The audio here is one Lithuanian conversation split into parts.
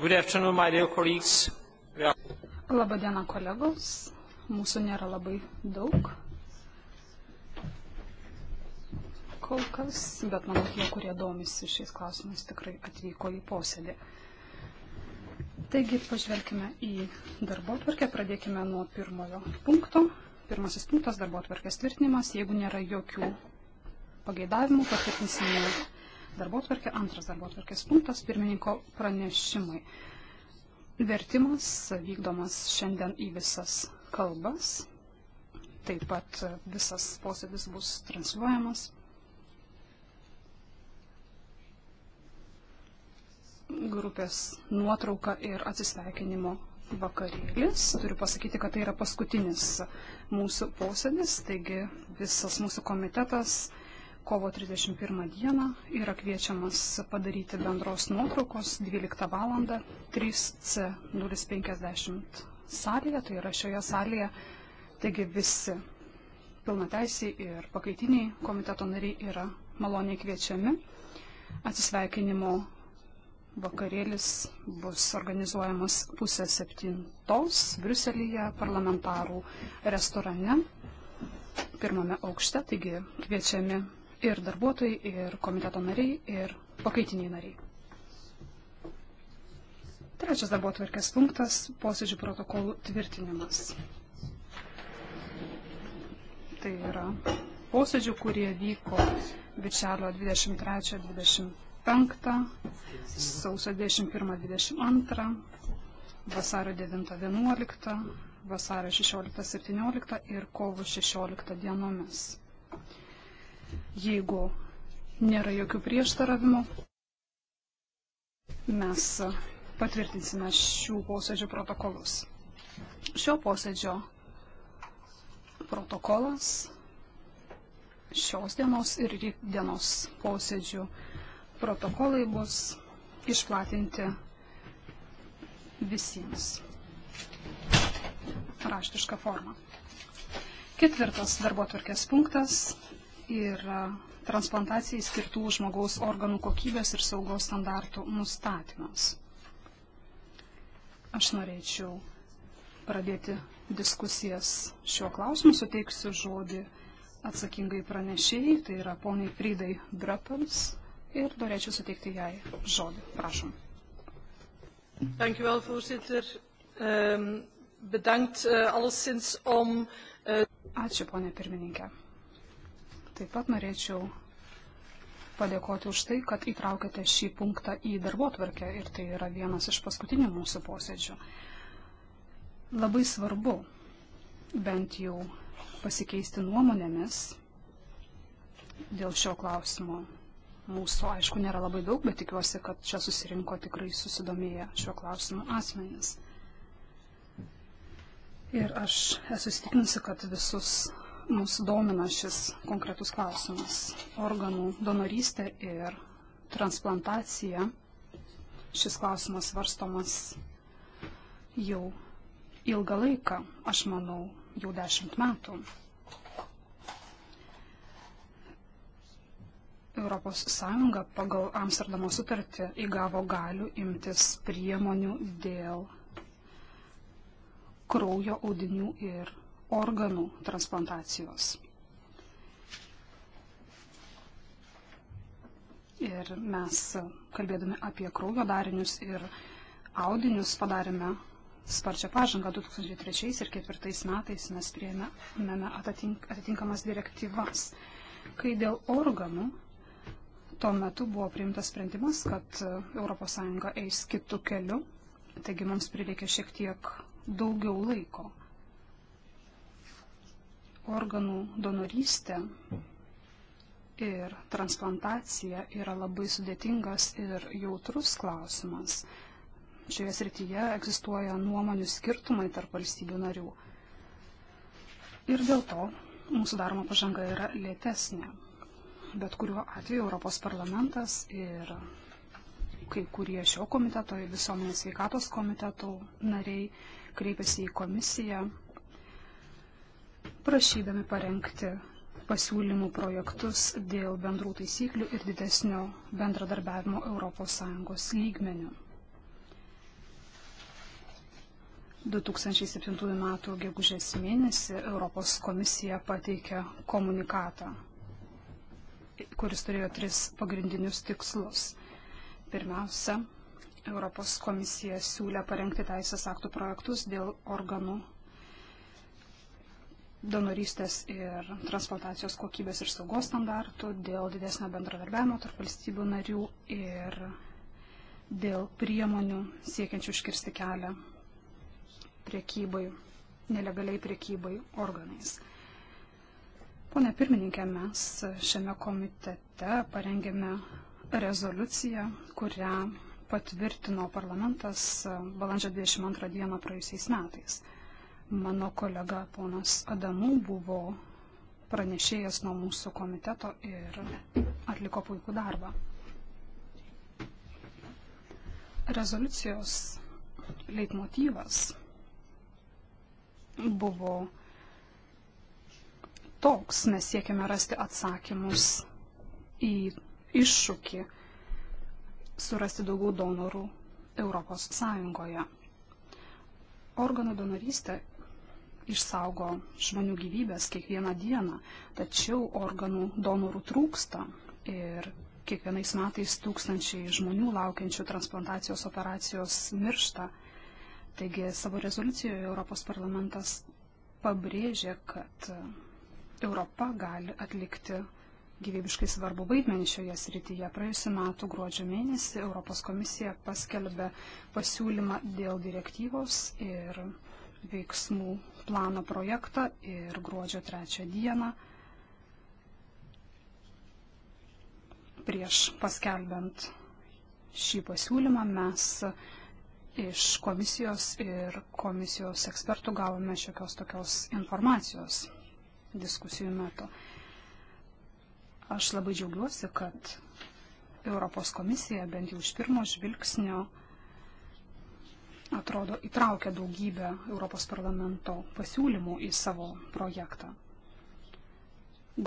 Good afternoon, my dear colleagues. Are... Labadiena, kolegos. Mūsų nėra labai daug kol kas, bet manau, tie, kurie domisi šiais klausimais, tikrai atvyko į posėdį. Taigi, pažvelkime į darbo atvarkę, pradėkime nuo pirmojo punkto. Pirmasis punktas - darbo atvarkės tvirtinimas. Jeigu nėra jokių pageidavimų, patvirtinsime darbo tvarkė, antras darbo tvarkės punktas, pirmininko pranešimai. Vertimas vykdomas šiandien į visas kalbas. Taip pat visas posėdis bus transliuojamas. Grupės nuotrauka ir atsisveikinimo vakarėlis. Turiu pasakyti, kad tai yra paskutinis mūsų posėdis, taigi visas mūsų komitetas kovo 31 dieną yra kviečiamas padaryti bendros nuotraukos 12 val. 3C050 salėje, tai yra šioje salėje, taigi visi pilnateisiai ir pakaitiniai komiteto nariai yra maloniai kviečiami. Atsisveikinimo vakarėlis bus organizuojamas pusę septintos Briuselyje parlamentarų restorane pirmame aukšte, taigi kviečiami ir darbuotojai, ir komiteto nariai, ir pakaitiniai nariai. Trečias darbo tvarkės punktas - posėdžių protokolų tvirtinimas. Tai yra posėdžių, kurie vyko bičelio 23-25, sausio 21-22, vasario 9-11, vasario 16-17 ir kovo 16 dienomis. Jeigu nėra jokių prieštaravimų, mes patvirtinsime šių posėdžių protokolus. Šio posėdžio protokolas šios dienos ir dienos posėdžių protokolai bus išplatinti visiems raštišką formą. Ketvirtas darbo tvarkės punktas yra e, transplantacijai skirtų žmogaus organų kokybės ir saugos standartų nustatymas. Aš norėčiau pradėti diskusijas šiuo klausimu, suteiksiu žodį atsakingai pranešėjai, tai yra poniai Pridai Brapels ir norėčiau suteikti jai žodį. Prašom. Dank u wel, voorzitter. Um, bedankt uh, alleszins om... Uh... Ačiū, ponė pirmininkė. Taip pat norėčiau padėkoti už tai, kad įtraukėte šį punktą į darbo tvarkę ir tai yra vienas iš paskutinių mūsų posėdžių. Labai svarbu bent jau pasikeisti nuomonėmis dėl šio klausimo. Mūsų, aišku, nėra labai daug, bet tikiuosi, kad čia susirinko tikrai susidomėję šiuo klausimu asmenys. Ir aš esu įsitikinusi, kad visus mus domina šis konkretus klausimas - organų donorystė ir transplantacija. Šis klausimas varstomas jau ilgą laiką, aš manau, jau dešimt metų. ES pagal Amsterdamo sutartį įgavo galių imtis priemonių dėl kraujo audinių ir organų transplantacijos. Ir mes, kalbėdami apie kraujo darinius ir audinius, padarėme sparčią pažangą 2003 ir 2004 metais mes prieėmėme atitink, atitinkamas direktyvas. Kai dėl organų tuo metu buvo priimtas sprendimas, kad ES eis kitų kelių, taigi mums prireikė šiek tiek daugiau laiko organų donorystė ir transplantacija yra labai sudėtingas ir jautrus klausimas. Šioje srityje egzistuoja nuomonių skirtumai tarp valstybių narių. Ir dėl to mūsų daroma pažanga yra lėtesnė. Bet kuriuo atveju Europos parlamentas ir kai kurie šio komiteto, visuomenės sveikatos komiteto nariai kreipiasi į komisiją prašydami parengti pasiūlymų projektus dėl bendrų taisyklių ir didesnio bendradarbiavimo ES lygmenių. 2007 m. gegužės mėnesį Europos komisija pateikė komunikatą, kuris turėjo tris pagrindinius tikslus. Pirmiausia, Europos komisija siūlė parengti teisės aktų projektus dėl organų donorystės ir transplantacijos kokybės ir saugos standartų, dėl didesnio bendradarbiavimo tarp valstybių narių ir dėl priemonių siekiančių iškirsti kelią priekybai, nelegaliai priekybai organais. Pone pirmininkė, mes šiame komitete parengėme rezoliuciją, kurią patvirtino parlamentas balandžio 22 dieną praėjusiais metais. Mano kolega ponas Adamų buvo pranešėjas nuo mūsų komiteto ir atliko puikų darbą. Rezoliucijos leitmotyvas buvo toks, mes siekiame rasti atsakymus į iššūkį surasti daugiau donorų Europos Sąjungoje. Organų donorystė išsaugo žmonių gyvybės kiekvieną dieną, tačiau organų donorų trūksta ir kiekvienais metais tūkstančiai žmonių laukiančių transplantacijos operacijos miršta. Taigi savo rezoliucijoje Europos parlamentas pabrėžė, kad Europa gali atlikti gyvybiškai svarbu vaidmenį šioje srityje. Praėjusiu metu gruodžio mėnesį Europos komisija paskelbė pasiūlymą dėl direktyvos ir veiksmų plano projektą ir gruodžio trečią dieną prieš paskelbent šį pasiūlymą mes iš komisijos ir komisijos ekspertų gavome šiokios tokios informacijos diskusijų metu. Aš labai džiaugiuosi, kad Europos komisija bent jau iš pirmo žvilgsnio uh, atrodo, įtraukia daugybę Europos parlamento pasiūlymų į savo projektą.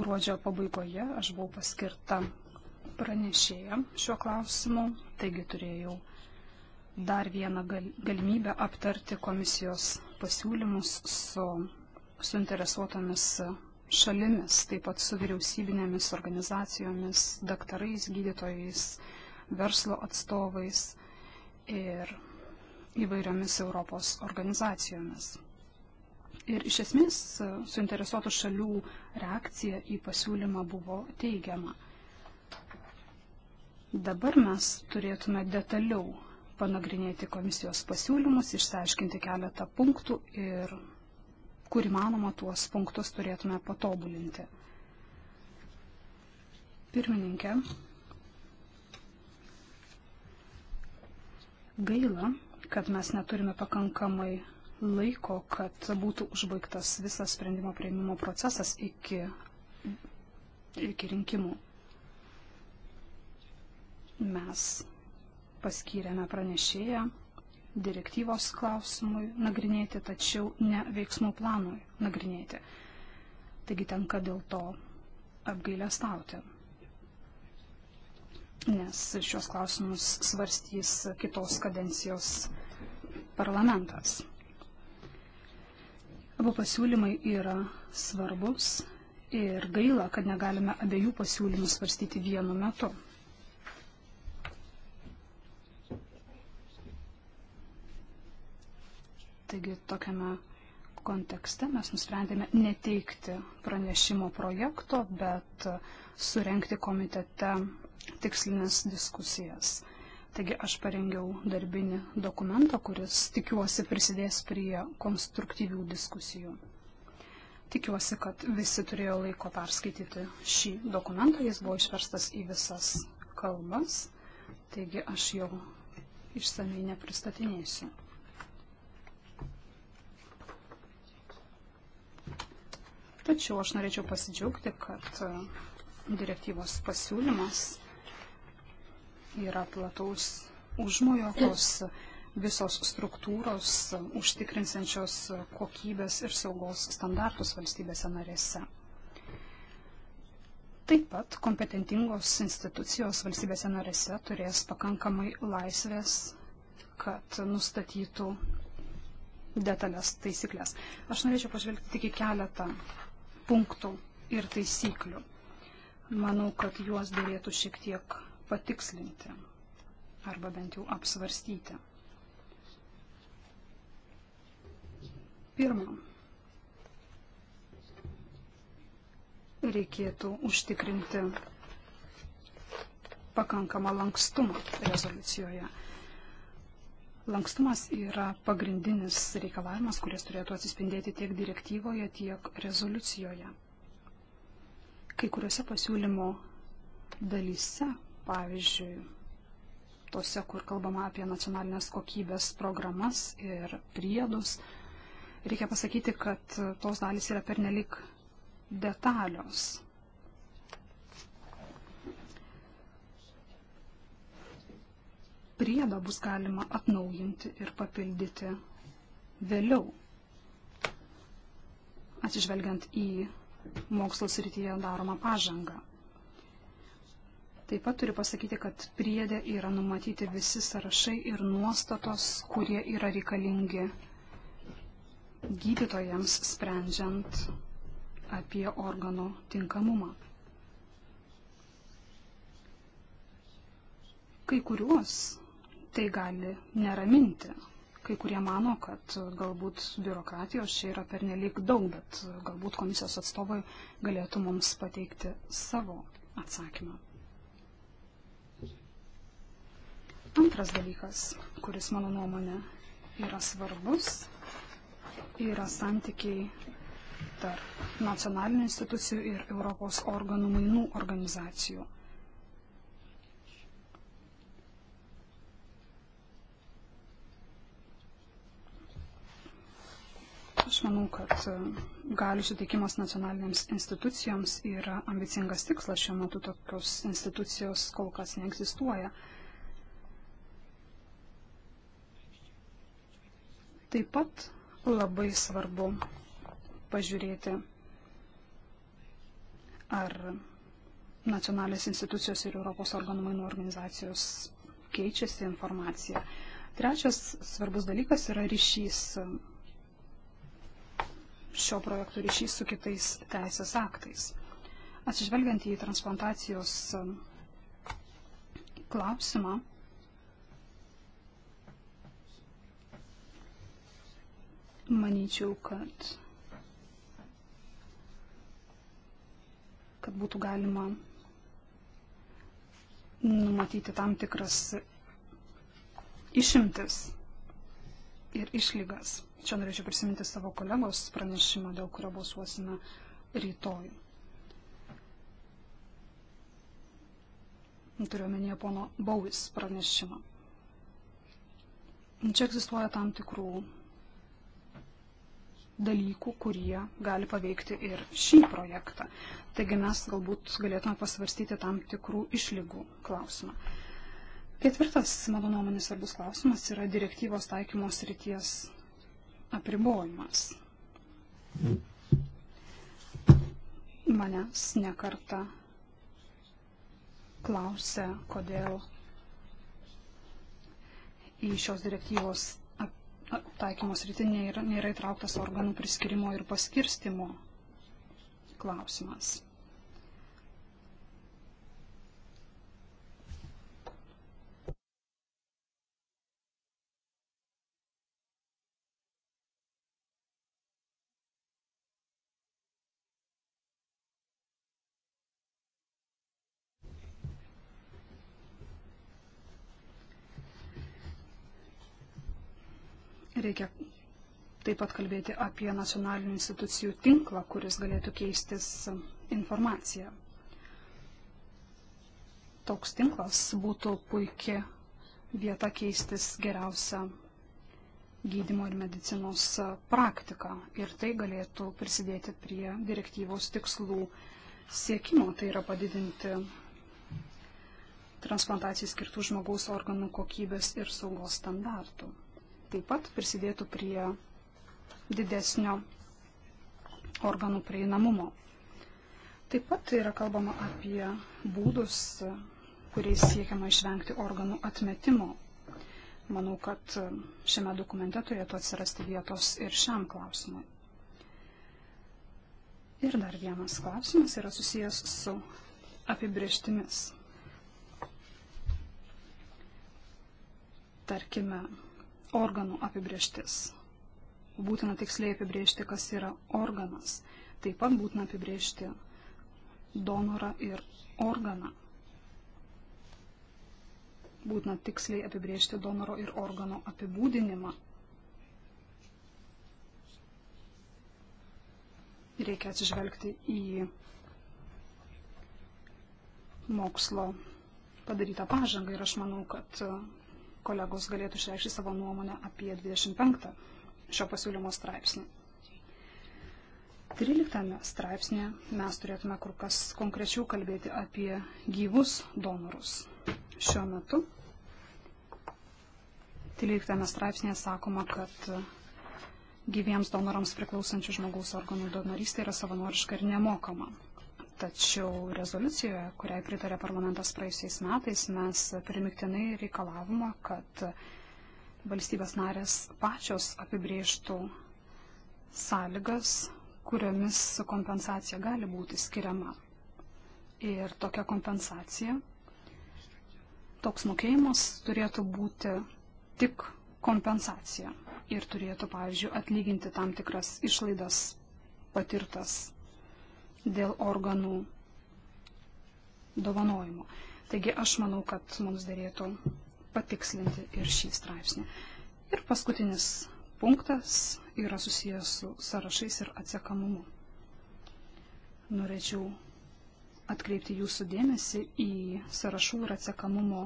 Gruodžio pabaigoje aš buvau paskirta pranešėja šiuo klausimu, taigi turėjau dar vieną galimybę aptarti komisijos pasiūlymus su suinteresuotomis šalimis, taip pat su vyriausybinėmis organizacijomis, daktarais, gydytojais, verslo atstovais ir įvairiomis Europos organizacijomis. Ir iš esmės e, suinteresuotų šalių reakcija į pasiūlymą buvo teigiama. Dabar mes turėtume detaliau panagrinėti komisijos pasiūlymus, išsiaiškinti keletą punktų ir kur įmanoma tuos punktus turėtume patobulinti. Pirmininkė, gaila, kad mes neturime pakankamai laiko, kad būtų užbaigtas visas sprendimo prieimimo procesas iki, iki rinkimų. Mes paskyrėme pranešėją direktyvos klausimui nagrinėti, tačiau ne veiksmų planui nagrinėti. Taigi tenka dėl to apgailę stauti nes šios klausimus svarstys kitos kadencijos parlamentas. Abu pasiūlymai yra svarbus ir gaila, kad negalime abiejų pasiūlymų svarstyti vienu metu. Taigi tokiame kontekste mes nusprendėme neteikti pranešimo projekto, bet surenkti komitete tikslinės diskusijas. Taigi aš parengiau darbinį dokumentą, kuris tikiuosi prisidės prie konstruktyvių diskusijų. Tikiuosi, kad visi turėjo laiko perskaityti šį dokumentą, jis buvo išverstas į visas kalbas, taigi aš jo išsamei nepristatinėsiu. Tačiau aš norėčiau pasidžiaugti, kad direktyvos pasiūlymas yra plataus užmojo, tos visos struktūros užtikrinsančios kokybės ir saugos standartus valstybėse narėse. Taip pat kompetentingos institucijos valstybėse narėse turės pakankamai laisvės, kad nustatytų detalės taisyklės. Aš norėčiau pažvelgti tik į keletą punktų ir taisyklių. Manau, kad juos dėlėtų šiek tiek patikslinti arba bent jau apsvarstyti. Pirma, reikėtų užtikrinti pakankamą lankstumą rezoliucijoje. Lankstumas yra pagrindinis reikalavimas, kuris turėtų atsispindėti tiek direktyvoje, tiek rezoliucijoje. Kai kuriuose pasiūlymo dalyse pavyzdžiui, tose, kur kalbama apie nacionalinės kokybės programas ir priedus, reikia pasakyti, kad tos dalys yra pernelik detalios. Priedą bus galima atnaujinti ir papildyti vėliau, atsižvelgiant į mokslo srityje daromą pažangą. Taip pat turiu pasakyti, kad priedė yra numatyti visi sąrašai ir nuostatos, kurie yra reikalingi gydytojams sprendžiant apie organų tinkamumą. Kai kuriuos tai gali neraminti. Kai kurie mano, kad galbūt biurokratijos čia yra pernelyg daug, bet galbūt komisijos atstovai galėtų mums pateikti savo atsakymą. Antras dalykas, kuris mano nuomonė yra svarbus, yra santykiai tarp nacionalinių institucijų ir Europos organų mainų organizacijų. Aš manau, kad e, galių suteikimas nacionalinėms institucijoms yra ambicingas tikslas. Šiuo metu tokios institucijos kol kas neegzistuoja. taip pat labai svarbu pažiūrėti, ar nacionalinės institucijos ir Europos organų mainų organizacijos keičiasi informacija. Trečias svarbus dalykas yra ryšys šio projekto ryšys su kitais teisės aktais. Atsižvelgiant į transplantacijos klausimą, manyčiau, kad, kad būtų galima numatyti tam tikras išimtis ir išlygas. Čia norėčiau prisiminti savo kolegos pranešimą, dėl kurio balsuosime rytoj. Turiuomenėje pono Bauvis pranešimą. Čia egzistuoja tam tikrų dalykų, kurie gali paveikti ir šį projektą. Taigi mes galbūt galėtume pasvarstyti tam tikrų išlygų klausimą. Ketvirtas, mano nuomonės, svarbus klausimas yra direktyvos taikymos ryties apribojimas. Manęs nekarta klausia, kodėl į šios direktyvos taikymos rytį nėra, nėra įtrauktas organų priskirimo ir paskirstimo klausimas. Reikia taip pat kalbėti apie nacionalinių institucijų tinklą, kuris galėtų keistis informaciją. Toks tinklas būtų puikia vieta keistis geriausia gydimo ir medicinos praktika ir tai galėtų prisidėti prie direktyvos tikslų siekimo, tai yra padidinti transplantacijai skirtų žmogaus organų kokybės ir saugos standartų taip pat prisidėtų prie didesnio organų prieinamumo. Taip pat yra kalbama apie būdus, kuriais siekiama išvengti organų atmetimo. Manau, kad šiame dokumente turėtų atsirasti vietos ir šiam klausimui. Ir dar vienas klausimas yra susijęs su apibrieštimis. Tarkime, organų apibrieštis. Būtina tiksliai apibriežti, kas yra organas. Taip pat būtina apibriežti donorą ir organą. Būtina tiksliai apibriežti donoro ir organo apibūdinimą. Reikia atsižvelgti į mokslo padarytą pažangą ir aš manau, kad kolegos galėtų išreikšti savo nuomonę apie 25 šio pasiūlymo straipsnį. 13 straipsnėje mes turėtume kur kas konkrečiau kalbėti apie gyvus donorus. Šiuo metu 13 straipsnėje sakoma, kad gyviems donorams priklausančių žmogaus organų donorystė yra savanoriška ir nemokama. Tačiau rezoliucijoje, kuriai pritarė parlamentas praėjusiais metais, mes primiktinai reikalavome, kad valstybės narės pačios apibrieštų sąlygas, kuriomis kompensacija gali būti skiriama. Ir tokia kompensacija, toks mokėjimas turėtų būti tik kompensacija ir turėtų, pavyzdžiui, atlyginti tam tikras išlaidas patirtas dėl organų dovanojimo. Taigi aš manau, kad mums dėlėtų patikslinti ir šį straipsnį. Ir paskutinis punktas yra susijęs su sąrašais ir atsiekamumu. Norėčiau atkreipti jūsų dėmesį į sąrašų ir atsiekamumo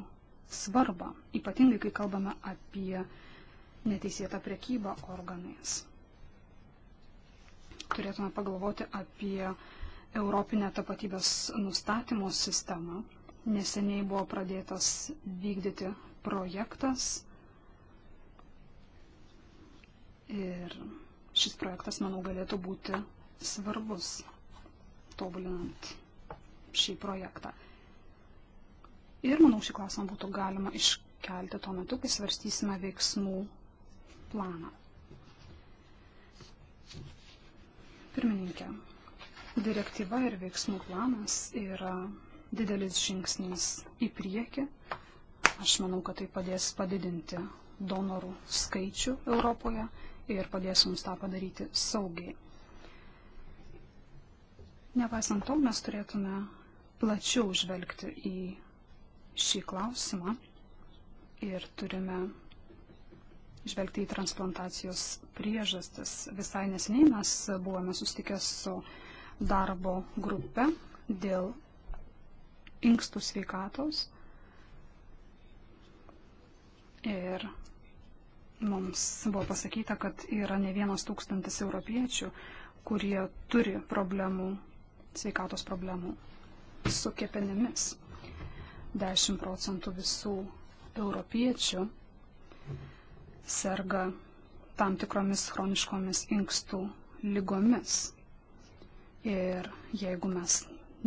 svarbą, ypatingai kai kalbame apie neteisėtą priekybą organais. Turėtume pagalvoti apie Europinę tapatybės nustatymo sistemą. Neseniai buvo pradėtas vykdyti projektas ir šis projektas, manau, galėtų būti svarbus tobulinant šį projektą. Ir manau, šį klausimą būtų galima iškelti tuo metu, kai svarstysime veiksmų planą. Pirmininkė, Direktyva ir veiksmų planas yra didelis žingsnis į priekį. Aš manau, kad tai padės padidinti donorų skaičių Europoje ir padės mums tą padaryti saugiai. Nepaisant to, mes turėtume plačiau žvelgti į šį klausimą ir turime žvelgti į transplantacijos priežastis. Visai nesiniai mes buvome sustikę su darbo grupę dėl inkstų sveikatos. Ir mums buvo pasakyta, kad yra ne vienas tūkstantis europiečių, kurie turi problemų, sveikatos problemų su kepenimis. 10 procentų visų europiečių serga tam tikromis chroniškomis inkstų lygomis. Ir jeigu mes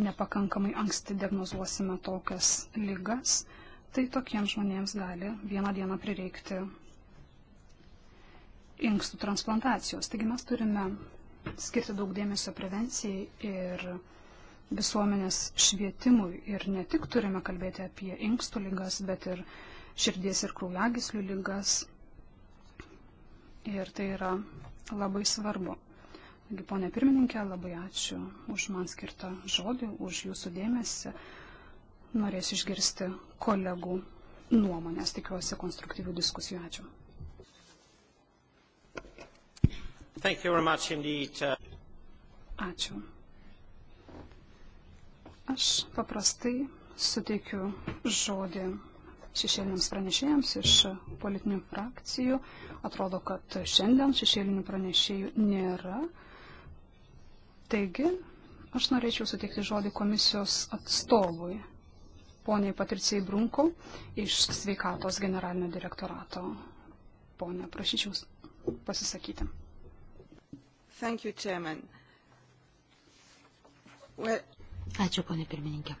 nepakankamai anksti diagnozuosime tokias lygas, tai tokiems žmonėms gali vieną dieną prireikti inkstų transplantacijos. Taigi mes turime skirti daug dėmesio prevencijai ir visuomenės švietimui. Ir ne tik turime kalbėti apie inkstų lygas, bet ir širdies ir kraujagislių lygas. Ir tai yra labai svarbu. Taigi, ponė pirmininkė, labai ačiū už man skirtą žodį, už jūsų dėmesį. Norės išgirsti kolegų nuomonės, tikiuosi konstruktyvių diskusijų. Ačiū. Uh, ačiū. Aš paprastai suteikiu žodį šešėliniams pranešėjams iš politinių frakcijų. Atrodo, kad šiandien šešėlinių pranešėjų nėra. Taigi, aš norėčiau suteikti žodį komisijos atstovui, poniai Patricijai Brunko iš sveikatos generalinio direktorato. Pone, prašyčiau pasisakyti. Thank you, Chairman. Well... Ačiū, ponė pirmininkė.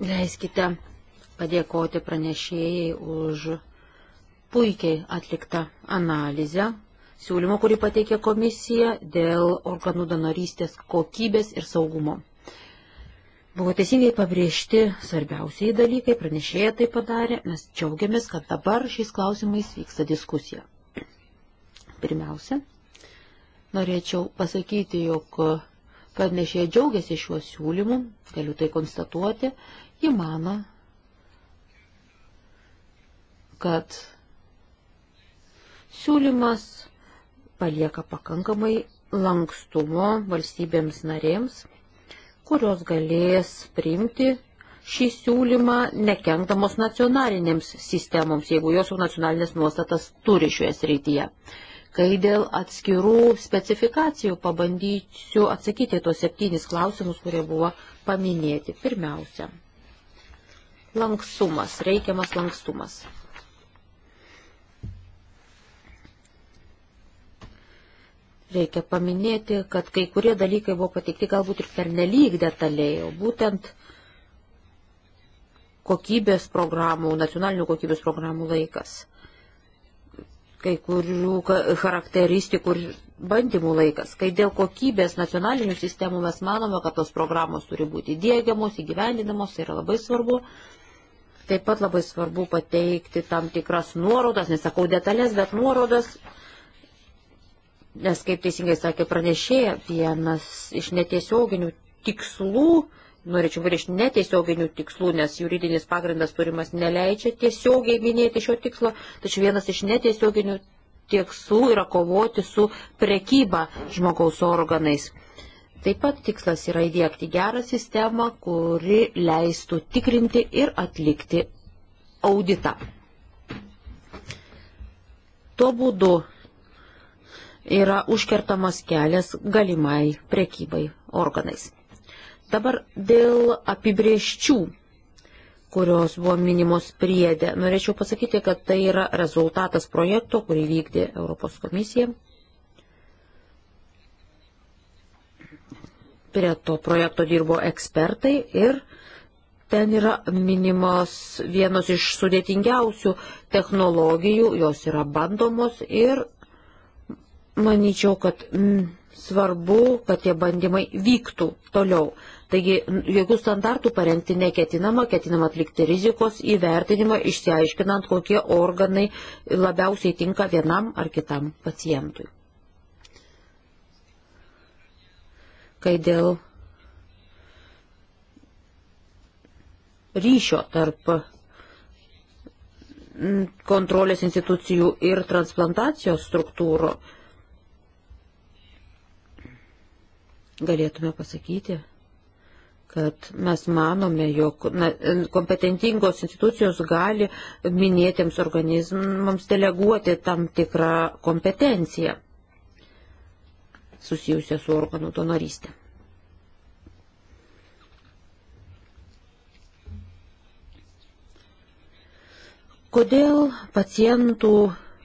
Leiskite padėkoti pranešėjai už puikiai atliktą analizę siūlymo, kurį pateikė komisija dėl organų donorystės kokybės ir saugumo. Buvo teisingai pabrėžti svarbiausiai dalykai, pranešėja tai padarė, mes džiaugiamės, kad dabar šiais klausimais vyksta diskusija. Pirmiausia, norėčiau pasakyti, jog pranešėja džiaugiasi šiuo siūlymu, galiu tai konstatuoti, ji mano, kad siūlymas palieka pakankamai lankstumo valstybėms narėms, kurios galės priimti šį siūlymą nekenkdamos nacionalinėms sistemoms, jeigu jos jau nacionalinės nuostatas turi šioje srityje. Kai dėl atskirų specifikacijų pabandysiu atsakyti tos septynis klausimus, kurie buvo paminėti. Pirmiausia, lankstumas, reikiamas lankstumas. Reikia paminėti, kad kai kurie dalykai buvo patikti galbūt ir pernelyg detaliai, o būtent kokybės programų, nacionalinių kokybės programų laikas, kai kurių charakteristikų ir bandymų laikas, kai dėl kokybės nacionalinių sistemų mes manome, kad tos programos turi būti dėgiamos, įgyvendinamos, tai yra labai svarbu. Taip pat labai svarbu pateikti tam tikras nuorodas, nesakau detalės, bet nuorodas Nes, kaip teisingai sakė pranešėja, vienas iš netiesioginių tikslų, norėčiau pabrėžti netiesioginių tikslų, nes juridinis pagrindas turimas neleidžia tiesiogiai minėti šio tikslo, tačiau vienas iš netiesioginių tikslų yra kovoti su prekyba žmogaus organais. Taip pat tikslas yra įdėkti gerą sistemą, kuri leistų tikrinti ir atlikti auditą. Tuo būdu yra užkertamas kelias galimai prekybai organais. Dabar dėl apibrieščių, kurios buvo minimos priedė, norėčiau pasakyti, kad tai yra rezultatas projekto, kurį vykdė Europos komisija. Prie to projekto dirbo ekspertai ir ten yra minimos vienos iš sudėtingiausių technologijų, jos yra bandomos ir Manyčiau, kad mm, svarbu, kad tie bandymai vyktų toliau. Taigi, jokių standartų parengti neketinama, ketinama atlikti rizikos įvertinimą, išsiaiškinant, kokie organai labiausiai tinka vienam ar kitam pacientui. Kai dėl ryšio tarp kontrolės institucijų ir transplantacijos struktūrų galėtume pasakyti, kad mes manome, jog na, kompetentingos institucijos gali minėtiems organizmams deleguoti tam tikrą kompetenciją susijusią su organų donorystė. Kodėl pacientų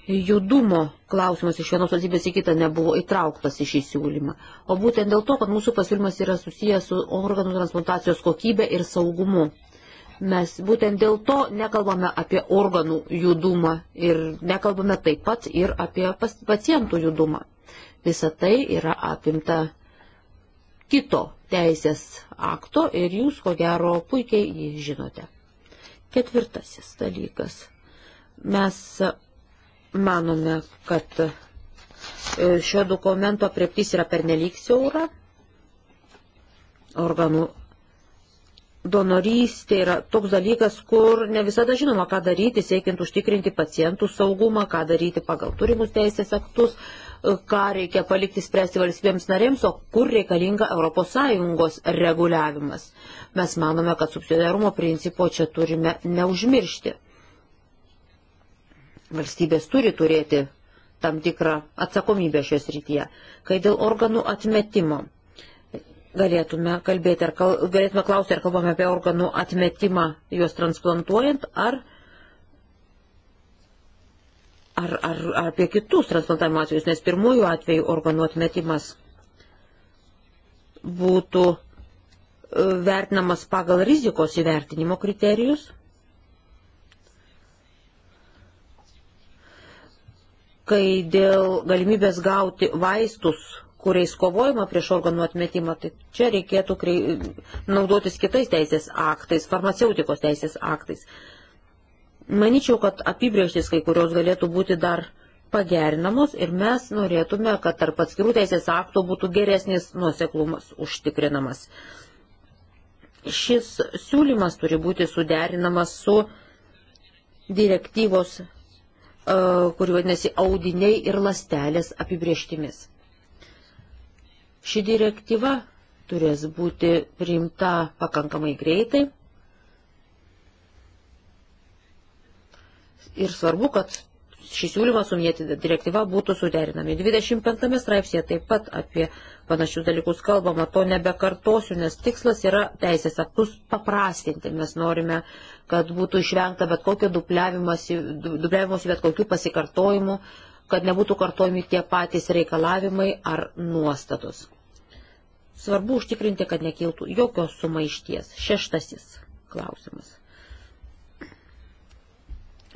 judumo klausimas iš vienos valstybės į kitą nebuvo įtrauktas į šį siūlymą. O būtent dėl to, kad mūsų pasiūlymas yra susijęs su organų transplantacijos kokybė ir saugumu. Mes būtent dėl to nekalbame apie organų judumą ir nekalbame taip pat ir apie pacientų judumą. Visa tai yra apimta kito teisės akto ir jūs, ko gero, puikiai jį žinote. Ketvirtasis dalykas. Mes manome, kad e, šio dokumento prieptis yra pernelyg siaura, organų donorystė yra toks dalykas, kur ne visada žinoma, ką daryti, siekiant užtikrinti pacientų saugumą, ką daryti pagal turimus teisės aktus, e, ką reikia palikti spręsti valstybėms narėms, o kur reikalinga ES reguliavimas. Mes manome, kad subsidiarumo principo čia turime neužmiršti valstybės turi turėti tam tikrą atsakomybę šios rytyje. Kai dėl organų atmetimo galėtume kalbėti, ar kal, galėtume klausti, ar kalbame apie organų atmetimą juos transplantuojant, ar, ar, ar, ar apie kitus transplantavimo atvejus, nes pirmųjų atvejų organų atmetimas būtų e, vertinamas pagal rizikos įvertinimo kriterijus kai dėl galimybės gauti vaistus, kuriais kovojama prieš organų atmetimą, tai čia reikėtų krei... naudotis kitais teisės aktais, farmaceutikos teisės aktais. Maničiau, kad apibrieštis kai kurios galėtų būti dar pagerinamos ir mes norėtume, kad tarp atskirų teisės aktų būtų geresnis nuoseklumas užtikrinamas. Šis siūlymas turi būti suderinamas su direktyvos E, kuri vadinasi audiniai ir lastelės apibrieštimis. Ši direktyva turės būti priimta pakankamai greitai. Ir svarbu, kad šį siūlymą su minėti direktyva būtų suderinami. 25 straipsnėje taip pat apie panašius dalykus kalbama, to nebekartosiu, nes tikslas yra teisės aktus paprastinti. Mes norime, kad būtų išvengta bet kokio dubliavimuose, bet kokių pasikartojimų, kad nebūtų kartojami tie patys reikalavimai ar nuostatos. Svarbu užtikrinti, kad nekiltų jokios sumaišties. Šeštasis klausimas.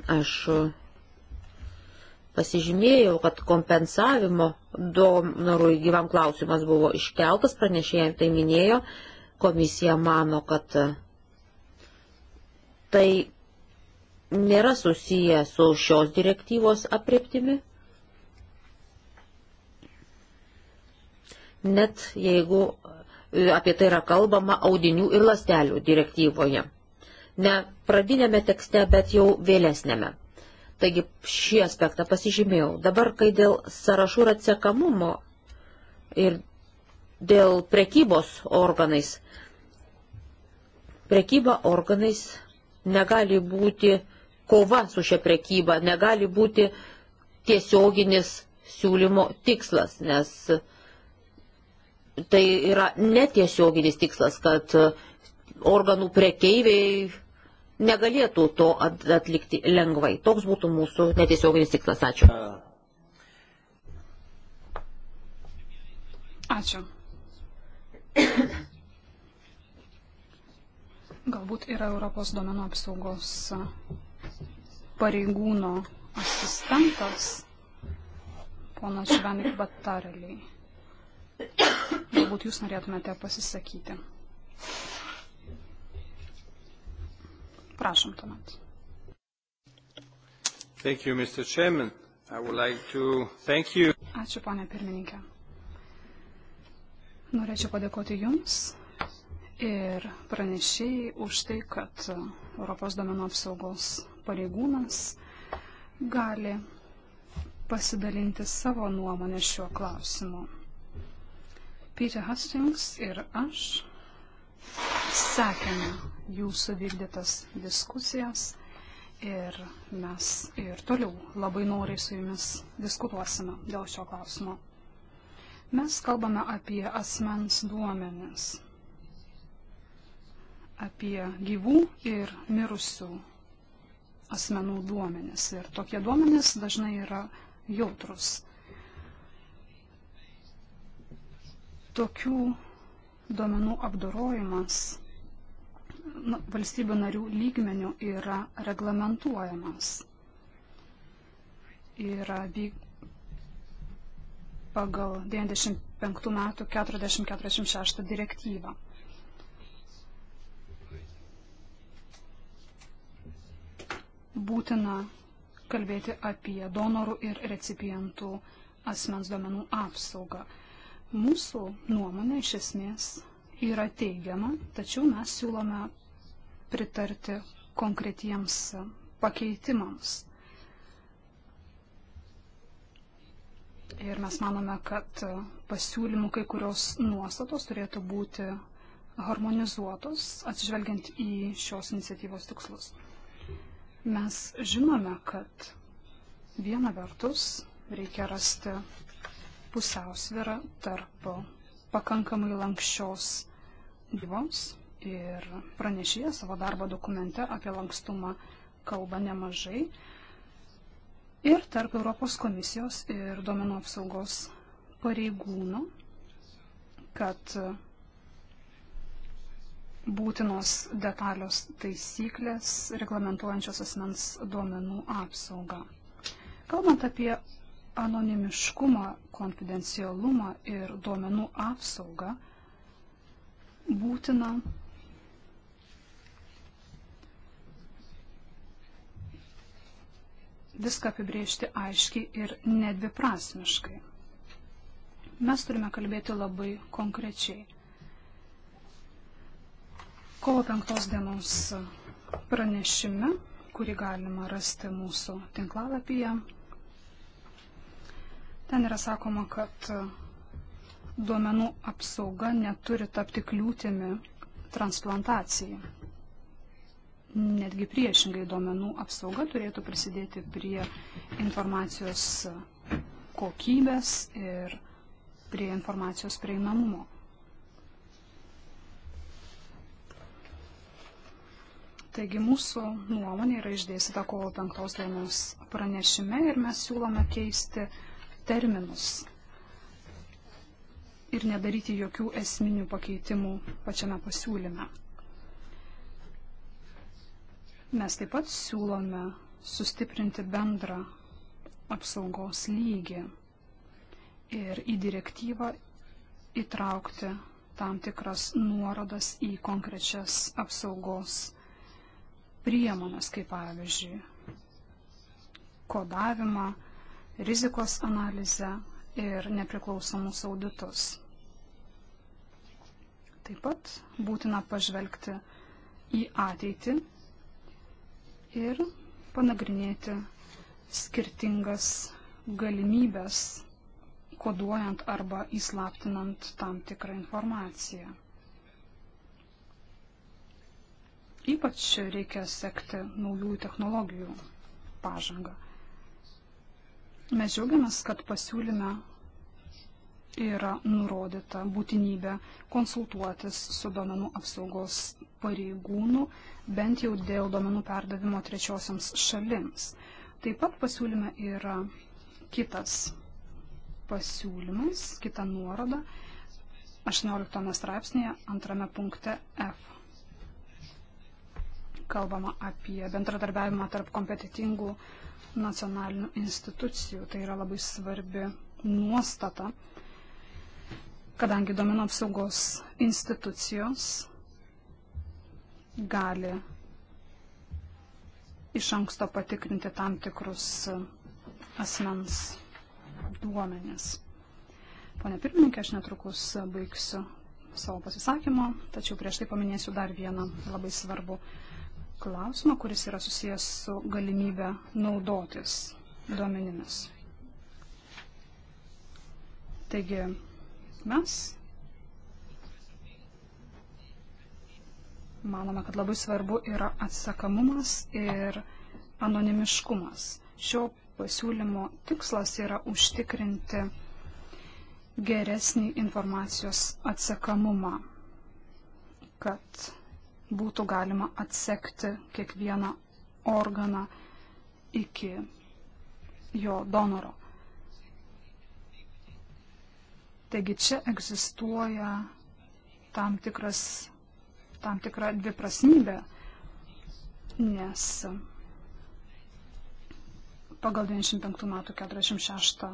Aš pasižymėjau, kad kompensavimo donorui gyvam klausimas buvo iškeltas, pranešėjai tai minėjo, komisija mano, kad tai nėra susiję su šios direktyvos apriptimi. Net jeigu e, apie tai yra kalbama audinių ir lastelių direktyvoje. Ne pradinėme tekste, bet jau vėlesnėme. Taigi šį aspektą pasižymėjau. Dabar, kai dėl sąrašų ir atsiekamumo ir dėl prekybos organais, prekyba organais negali būti kova su šia prekyba, negali būti tiesioginis siūlymo tikslas, nes tai yra netiesioginis tikslas, kad organų prekeiviai negalėtų to atlikti lengvai. Toks būtų mūsų netiesioginis tikslas. Ačiū. Ačiū. Galbūt yra Europos duomenų apsaugos pareigūno asistentas, ponas Švenik Batareliai. Galbūt jūs norėtumėte pasisakyti. Prašom tuomet. Thank you, Mr. Chairman. I would like to thank you. Ačiū, ponė pirmininkė. Norėčiau padėkoti Jums ir pranešėjai už tai, kad Europos domenų apsaugos pareigūnas gali pasidalinti savo nuomonę šiuo klausimu. Peter Hastings ir aš sekėme jūsų vykdytas diskusijas ir mes ir toliau labai noriai su jumis diskutuosime dėl šio klausimo. Mes kalbame apie asmens duomenis, apie gyvų ir mirusių asmenų duomenis. Ir tokie duomenys dažnai yra jautrus. Tokių duomenų apdorojimas nu, valstybių narių lygmenių yra reglamentuojamas. Yra vyk... pagal 95 metų 4046 direktyvą. Būtina kalbėti apie donorų ir recipientų asmens duomenų apsaugą. Mūsų nuomonė iš esmės yra teigiama, tačiau mes siūlome pritarti konkretiems pakeitimams. Ir mes manome, kad pasiūlymų kai kurios nuostatos turėtų būti harmonizuotos, atsižvelgiant į šios iniciatyvos tikslus. Mes žinome, kad viena vertus reikia rasti pusiausvyrą tarp pakankamai lankščios gyvoms ir pranešėjas savo darbo dokumente apie lankstumą kalba nemažai. Ir tarp Europos komisijos ir duomenų apsaugos pareigūno, kad būtinos detalios taisyklės reglamentuojančios asmens duomenų apsaugą. Kalbant apie anonimiškumą, konfidencialumą ir duomenų apsaugą, būtina viską apibriežti aiškiai ir nedviprasmiškai. Mes turime kalbėti labai konkrečiai. Kovo penktos dienos pranešime, kurį galima rasti mūsų tinklalapyje, ten yra sakoma, kad duomenų apsauga neturi tapti kliūtimi transplantacijai netgi priešingai duomenų apsauga turėtų prisidėti prie informacijos kokybės ir prie informacijos prieinamumo. Taigi mūsų nuomonė yra išdėstyta kovo 5 dienos pranešime ir mes siūlome keisti terminus ir nedaryti jokių esminių pakeitimų pačiame pasiūlyme. Mes taip pat siūlome sustiprinti bendrą apsaugos lygį ir į direktyvą įtraukti tam tikras nuorodas į konkrečias apsaugos priemonės, kaip pavyzdžiui, kodavimą, rizikos analizę ir nepriklausomus auditus. Taip pat būtina pažvelgti į ateitį ir panagrinėti skirtingas galimybės koduojant arba įslaptinant tam tikrą informaciją. Ypač reikia sekti naujų technologijų pažangą. Mes džiaugiamės, kad pasiūlyme yra nurodyta būtinybė konsultuotis su duomenų apsaugos pareigūnu, bent jau dėl duomenų perdavimo trečiosiams šalims. Taip pat pasiūlyme yra kitas pasiūlymas, kita nuoroda 18 straipsnėje antrame punkte F. Kalbama apie bendradarbiavimą tarp kompetitingų nacionalinių institucijų. Tai yra labai svarbi nuostata kadangi domino apsaugos institucijos gali iš anksto patikrinti tam tikrus asmens duomenis. Pone pirmininkė, aš netrukus baigsiu savo pasisakymą, tačiau prieš tai paminėsiu dar vieną labai svarbų klausimą, kuris yra susijęs su galimybė naudotis duomenimis. Taigi, sėkmes. Manoma, kad labai svarbu yra atsakamumas ir anonimiškumas. Šio pasiūlymo tikslas yra užtikrinti geresnį informacijos atsakamumą, kad būtų galima atsekti kiekvieną organą iki jo donoro. Taigi čia egzistuoja tam, tikras, tam tikra dviprasmybė, nes pagal 95 metų 46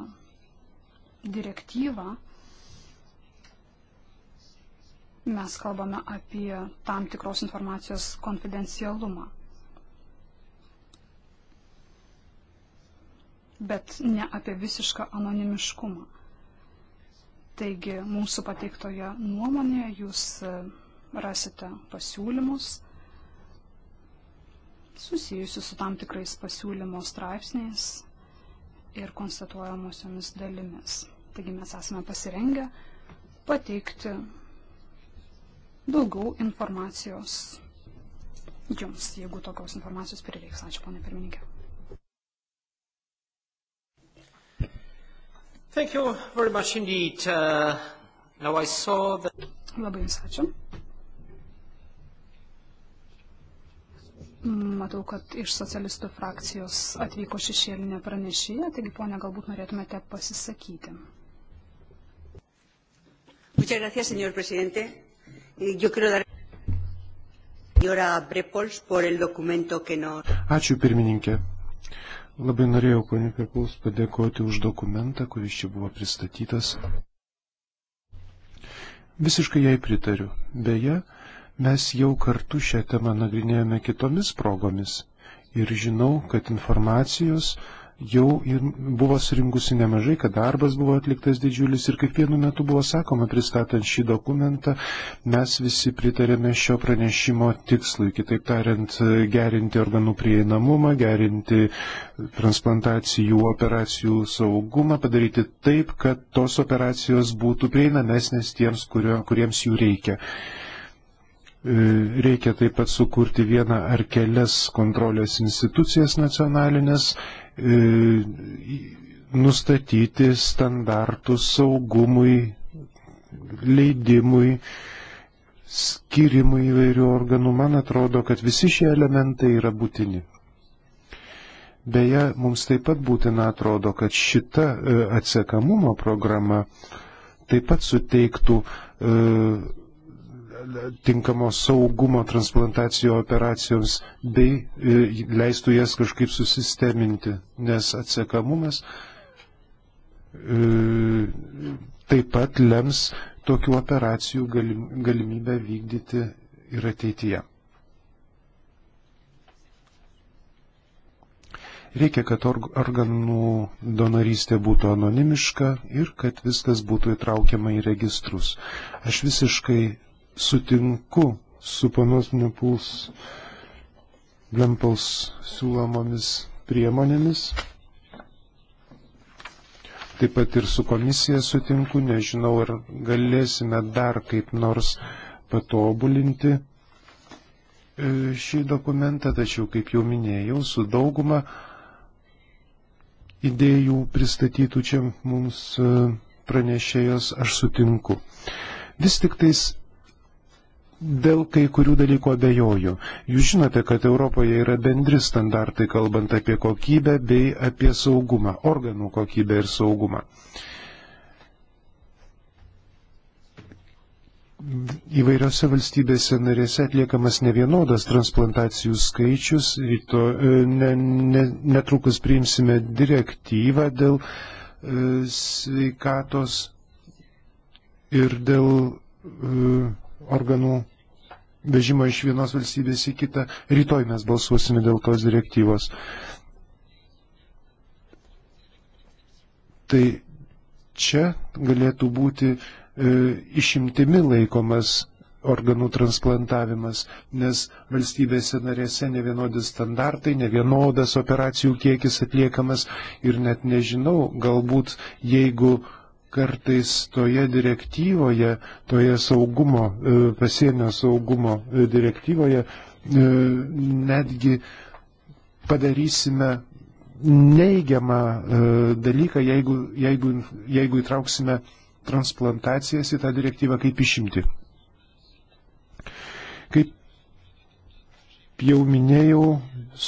direktyvą mes kalbame apie tam tikros informacijos konfidencialumą. Bet ne apie visišką anonimiškumą. Taigi mūsų pateiktoje nuomonėje jūs e, rasite pasiūlymus susijusius su tam tikrais pasiūlymo straipsniais ir konstatuojamosiomis dalimis. Taigi mes esame pasirengę pateikti daugiau informacijos jums, jeigu tokios informacijos prireiks. Ačiū, ponė pirmininkė. Thank you very much indeed. Uh, now I saw that... Labai jums ačiū. Matau, kad iš socialistų frakcijos atvyko šešėlinė pranešėja, taigi ponia, galbūt norėtumėte pasisakyti. Muchas gracias, señor presidente. Eh, yo quiero dar señora Brepols por el documento que nos. Ačiū pirmininkė. Labai norėjau, ponė Pirkaus, padėkoti už dokumentą, kuris čia buvo pristatytas. Visiškai jai pritariu. Beje, mes jau kartu šią temą nagrinėjome kitomis progomis. Ir žinau, kad informacijos jau buvo surinkusi nemažai, kad darbas buvo atliktas didžiulis ir kaip vienu metu buvo sakoma, pristatant šį dokumentą, mes visi pritarėme šio pranešimo tikslui, kitaip tariant, gerinti organų prieinamumą, gerinti transplantacijų operacijų saugumą, padaryti taip, kad tos operacijos būtų prieinamesnės tiems, kurio, kuriems jų reikia. Reikia taip pat sukurti vieną ar kelias kontrolės institucijas nacionalinės, e, nustatyti standartus saugumui, leidimui, skirimui įvairių organų. Man atrodo, kad visi šie elementai yra būtini. Beje, mums taip pat būtina atrodo, kad šita e, atsekamumo programa taip pat suteiktų e, tinkamo saugumo transplantacijų operacijoms bei e, leistų jas kažkaip susisteminti, nes atsekamumas e, taip pat lems tokių operacijų galimybę vykdyti ir ateityje. Reikia, kad organų donorystė būtų anonimiška ir kad viskas būtų įtraukiama į registrus. Aš visiškai sutinku su panos Nepuls Lempels siūlomomis priemonėmis. Taip pat ir su komisija sutinku, nežinau, ar galėsime dar kaip nors patobulinti e, šį dokumentą, tačiau, kaip jau minėjau, su dauguma idėjų pristatytų čia mums e, pranešėjos aš sutinku. Vis tik tais dėl kai kurių dalykų abejoju. Jūs žinote, kad Europoje yra bendri standartai, kalbant apie kokybę bei apie saugumą, organų kokybę ir saugumą. Įvairiose valstybėse narėse atliekamas nevienodas transplantacijų skaičius, ryto, e, ne, ne, netrukus priimsime direktyvą dėl e, sveikatos ir dėl e, organų vežimo iš vienos valstybės į kitą. Rytoj mes balsuosime dėl tos direktyvos. Tai čia galėtų būti e, išimtimi laikomas organų transplantavimas, nes valstybėse narėse ne vienodi standartai, ne vienodas operacijų kiekis atliekamas ir net nežinau, galbūt jeigu e, kartais toje direktyvoje, toje saugumo, e, pasienio saugumo e, direktyvoje e, netgi padarysime neigiamą dalyką, jeigu, jeigu, jeigu įtrauksime transplantacijas į tą direktyvą kaip išimti. Kaip jau minėjau,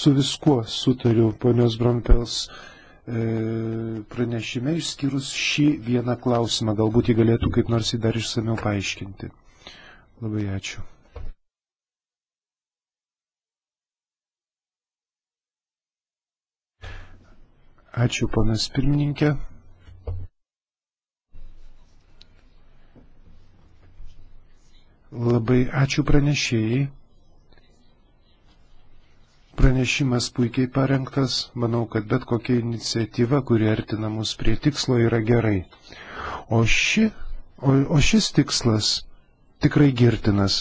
su viskuo sutariu ponios Brompels E, pranešime išskyrus šį vieną klausimą. Galbūt jį galėtų kaip nors jį dar išsameu paaiškinti. Labai ačiū. Ačiū, ponas pirmininkė. Labai ačiū pranešėjai. Pranešimas puikiai parengtas, manau, kad bet kokia iniciatyva, kuri artina mus prie tikslo, yra gerai. O, ši, o, o šis tikslas tikrai girtinas.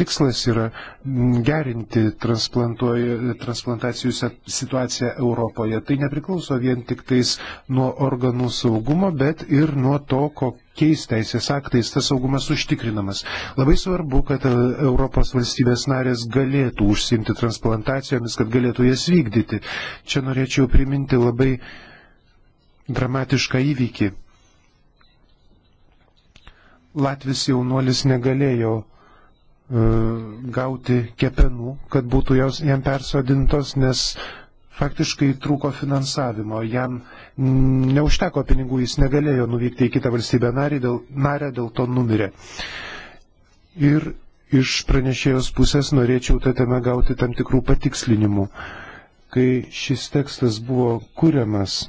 Tikslas yra mm, gerinti transplantacijų situaciją Europoje. Tai nepriklauso vien tik tais nuo organų saugumo, bet ir nuo to, kokia kokiais teisės aktais tas saugumas užtikrinamas. Labai svarbu, kad e, Europos valstybės narės galėtų užsimti transplantacijomis, kad galėtų jas vykdyti. Čia norėčiau priminti labai dramatišką įvykį. Latvis jaunuolis negalėjo e, gauti kepenų, kad būtų jos jam persodintos, nes faktiškai trūko finansavimo, jam neužteko pinigų, jis negalėjo nuvykti į kitą valstybę narį, dėl, narę, dėl to numirė. Ir iš pranešėjos pusės norėčiau tą temą gauti tam tikrų patikslinimų. Kai šis tekstas buvo kuriamas,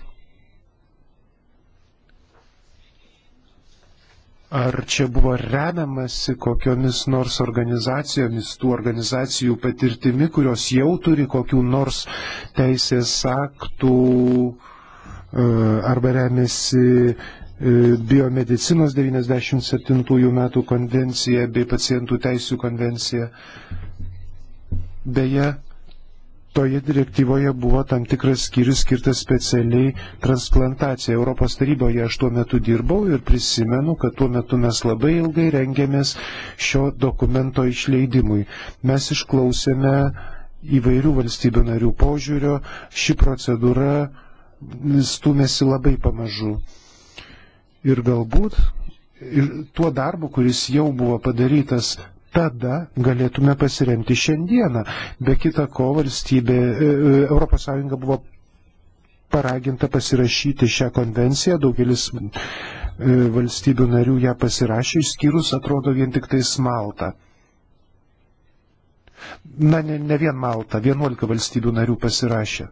Ar čia buvo remiamasi kokiomis nors organizacijomis, tų organizacijų patirtimi, kurios jau turi kokių nors teisės aktų e, arba remiasi e, biomedicinos 97 metų konvencija bei pacientų teisų konvencija. Beje, toje direktyvoje buvo tam tikras skyrius skirtas specialiai transplantacijai. Europos taryboje aš tuo metu dirbau ir prisimenu, kad tuo metu mes labai ilgai rengėmės šio dokumento išleidimui. Mes išklausėme įvairių valstybių narių požiūrio, ši procedūra stumėsi labai pamažu. Ir galbūt ir tuo darbu, kuris jau buvo padarytas tada galėtume pasiremti šiandieną. Be kita ko, valstybė, ES e, buvo paraginta pasirašyti šią konvenciją, daugelis e, valstybių narių ją pasirašė, išskyrus atrodo vien tik tai Malta. Na, ne, ne vien Malta, 11 valstybių narių pasirašė.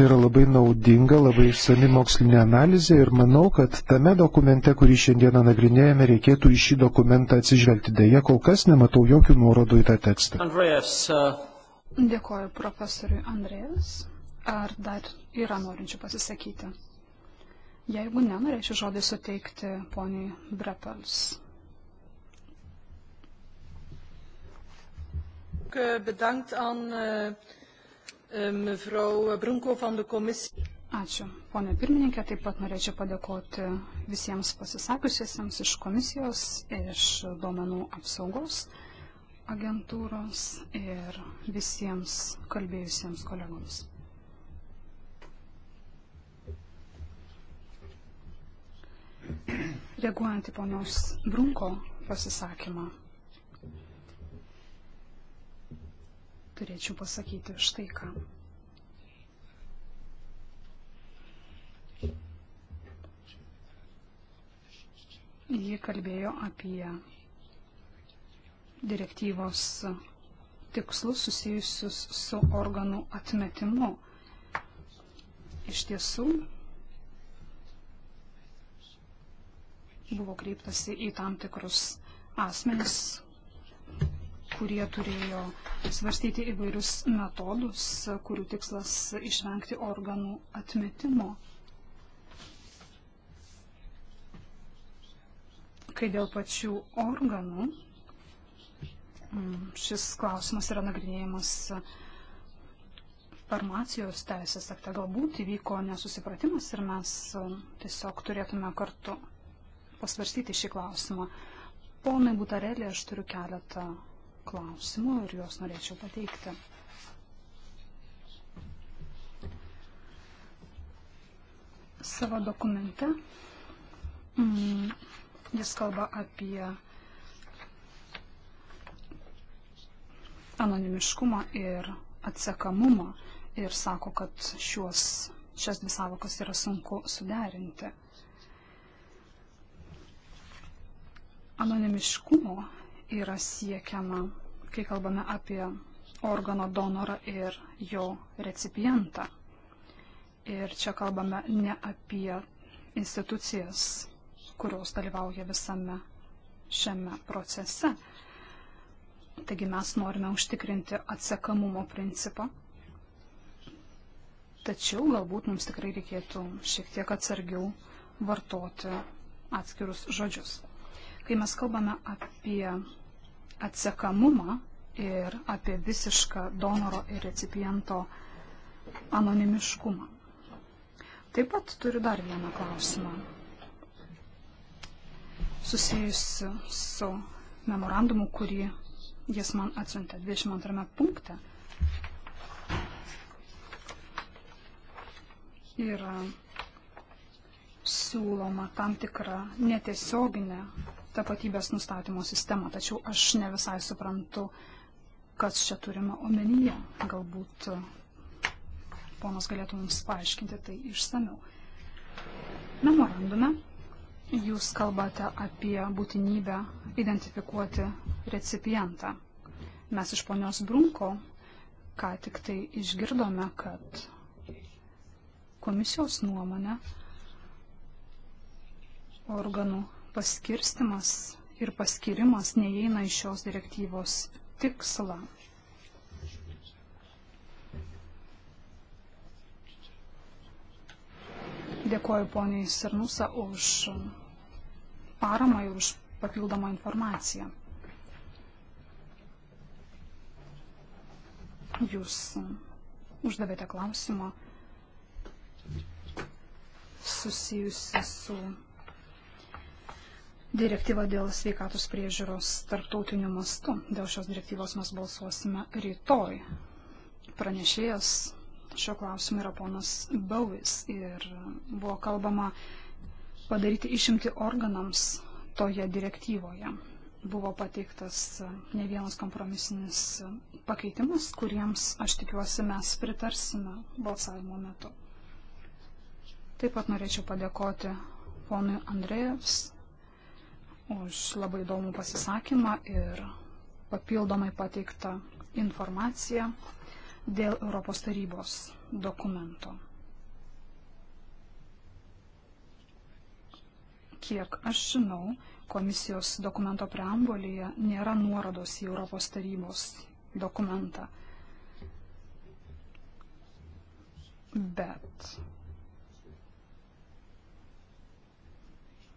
Tai yra labai naudinga, labai išsami mokslinė analizė ir manau, kad tame dokumente, kurį šiandieną nagrinėjame, reikėtų į šį dokumentą atsižvelgti. Deja, kol kas nematau jokių nuorodų į tą tekstą. Andrėjas. Uh... Dėkoju profesoriui Andrėjas. Ar dar yra norinčių pasisakyti? Jeigu ne, norėčiau žodį suteikti poniai Brepels. Bedankt aan uh, E, mevrouw Brunko van de komisija. Ačiū. Pone pirmininkė, taip pat norėčiau padėkoti visiems pasisakiusiesiems iš komisijos, iš duomenų apsaugos agentūros ir visiems kalbėjusiems kolegoms. Reaguojant į ponios Brunko pasisakymą, turėčiau pasakyti štai ką. Ji kalbėjo apie direktyvos tikslus susijusius su organų atmetimu. Iš tiesų, buvo kreiptasi į tam tikrus asmenis, kurie turėjo svarstyti įvairius metodus, kurių tikslas išvengti organų atmetimo. Kai dėl pačių organų mm, šis klausimas yra nagrinėjimas farmacijos teisės akte, galbūt įvyko nesusipratimas ir mes mm, tiesiog turėtume kartu pasvarstyti šį klausimą. Ponai Butarelė, aš turiu keletą klausimų ir juos norėčiau pateikti. Savo dokumente mm, jis kalba apie anonimiškumą ir atsekamumą ir sako, kad šios, šias dvi savokas yra sunku suderinti anonimiškumo yra siekiama, kai kalbame apie organo donorą ir jo recipientą. Ir čia kalbame ne apie institucijas, kurios dalyvauja visame šiame procese. Taigi mes norime užtikrinti atsekamumo principą. Tačiau galbūt mums tikrai reikėtų šiek tiek atsargiau vartoti atskirus žodžius. Kai mes kalbame apie atsekamumą ir apie visišką donoro ir recipiento anonimiškumą. Taip pat turiu dar vieną klausimą susijusi su memorandumu, kurį jis man atsiuntė 22 punkte. Yra siūloma tam tikra netiesioginė tapatybės nustatymo sistemą, tačiau aš ne visai suprantu, kas čia turima omenyje. Galbūt e, ponas galėtų mums paaiškinti tai išsamiau. Memorandume jūs kalbate apie būtinybę identifikuoti recipientą. Mes iš ponios Brunko ką tik tai išgirdome, kad komisijos nuomonė organų paskirstimas ir paskirimas neįeina į šios direktyvos tikslą. Dėkuoju poniai Sirnusa už paramą ir už papildomą informaciją. Jūs uždavėte klausimą susijusi su direktyva dėl sveikatos priežiūros tarptautiniu mastu. Dėl šios direktyvos mes balsuosime rytoj. Pranešėjas šio klausimo yra ponas Bauvis ir buvo kalbama padaryti išimti organams toje direktyvoje. Buvo pateiktas ne vienas kompromisinis pakeitimas, kuriems, aš tikiuosi, mes pritarsime balsavimo metu. Taip pat norėčiau padėkoti ponui Andrėjevs už labai įdomų pasisakymą ir papildomai pateiktą informaciją dėl Europos tarybos dokumento. Kiek aš žinau, komisijos dokumento preambulėje nėra nuorodos į Europos tarybos dokumentą. Bet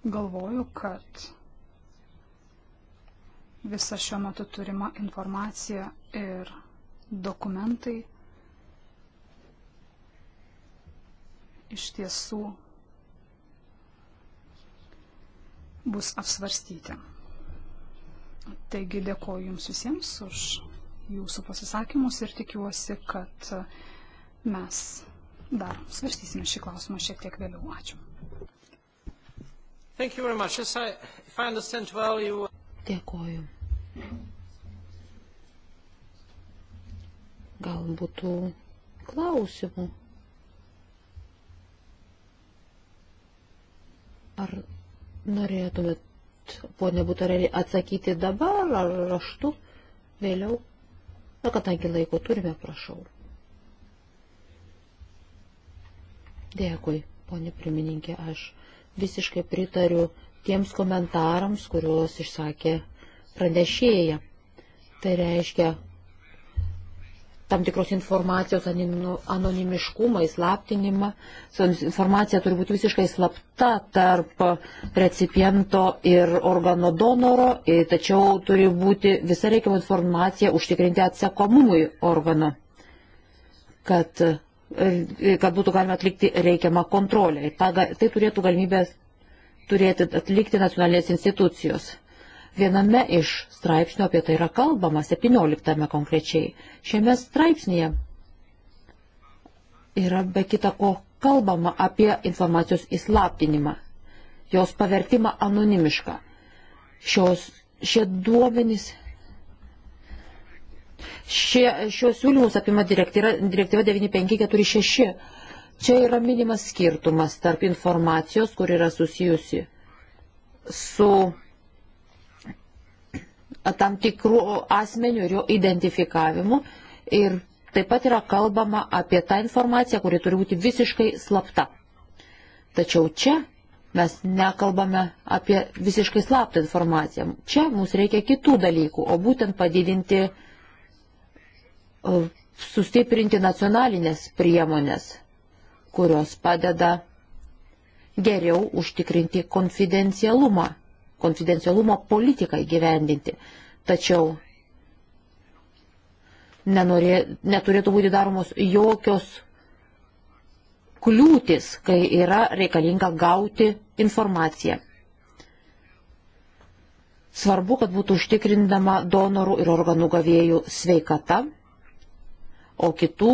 galvoju, kad Visa šiuo metu turima informacija ir dokumentai iš tiesų bus apsvarstyti. Taigi dėkoju Jums visiems už Jūsų pasisakymus ir tikiuosi, kad mes dar svarstysime šį klausimą šiek tiek vėliau. Ačiū. Thank you very much. As I, if I understand well, you... Dėkoju. Gal būtų klausimų? Ar norėtumėt, ponė Butarelį, atsakyti dabar ar raštu vėliau? Na, kadangi laiko turime, prašau. Dėkui, ponė primininkė, aš visiškai pritariu tiems komentarams, kuriuos išsakė pranešėja. Tai reiškia tam tikros informacijos anonimiškumą, įslaptinimą. Informacija turi būti visiškai slapta tarp recipiento ir organo donoro, tačiau turi būti visa reikiama informacija užtikrinti atsakomumui organo, kad, kad būtų galima atlikti reikiamą kontrolę. Ta, tai turėtų galimybės turėti atlikti nacionalinės institucijos. Viename iš straipsnių apie tai yra kalbama, 17 konkrečiai. Šiame straipsnėje yra be kita ko kalbama apie informacijos įslaptinimą, jos pavertimą anonimišką. Šios, šie duomenys Šie, šios siūlymus apima direktyva, direktyva 9546, Čia yra minimas skirtumas tarp informacijos, kur yra susijusi su tam tikrų asmenių ir jo identifikavimu. Ir taip pat yra kalbama apie tą informaciją, kuri turi būti visiškai slapta. Tačiau čia mes nekalbame apie visiškai slaptą informaciją. Čia mums reikia kitų dalykų, o būtent padidinti, sustiprinti nacionalinės priemonės kurios padeda geriau užtikrinti konfidencialumą, konfidencialumo politiką įgyvendinti. Tačiau nenorė, neturėtų būti daromos jokios kliūtis, kai yra reikalinga gauti informaciją. Svarbu, kad būtų užtikrindama donorų ir organų gavėjų sveikata, o kitų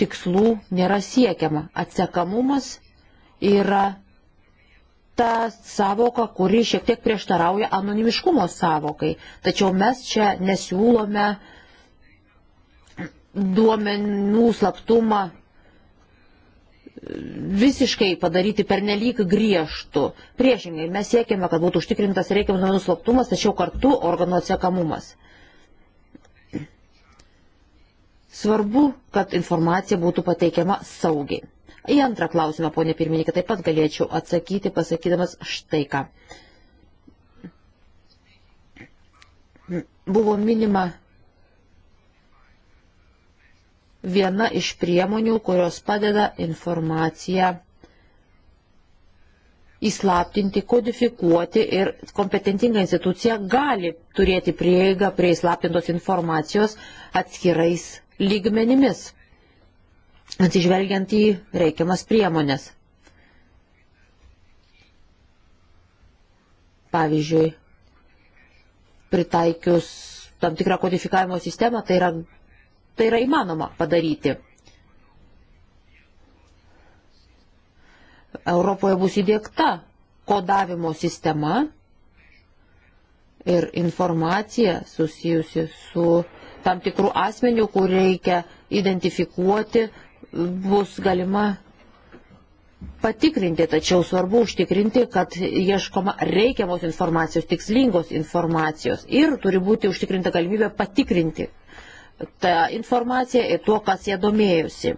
tikslų nėra siekiama. Atsekamumas yra ta savoka, kuri šiek tiek prieštarauja anonimiškumo savokai. Tačiau mes čia nesiūlome duomenų slaptumą visiškai padaryti pernelyg griežtų. Priešingai, mes siekiame, kad būtų užtikrintas reikiamas duomenų slaptumas, tačiau kartu organų atsekamumas. Svarbu, kad informacija būtų pateikiama saugiai. Į antrą klausimą, ponė pirmininkė, taip pat galėčiau atsakyti, pasakydamas štai ką. Buvo minima viena iš priemonių, kurios padeda informaciją įslaptinti, kodifikuoti ir kompetentinga institucija gali turėti prieigą prie įslaptintos informacijos atskirais lygmenimis, atsižvelgiant į reikiamas priemonės. Pavyzdžiui, pritaikius tam tikrą kodifikavimo sistemą, tai yra, tai yra įmanoma padaryti. Europoje bus įdėkta kodavimo sistema ir informacija susijusi su tam tikrų asmenių, kur reikia identifikuoti, bus galima patikrinti, tačiau svarbu užtikrinti, kad ieškoma reikiamos informacijos, tikslingos informacijos ir turi būti užtikrinta galimybė patikrinti tą informaciją ir tuo, kas jie domėjusi.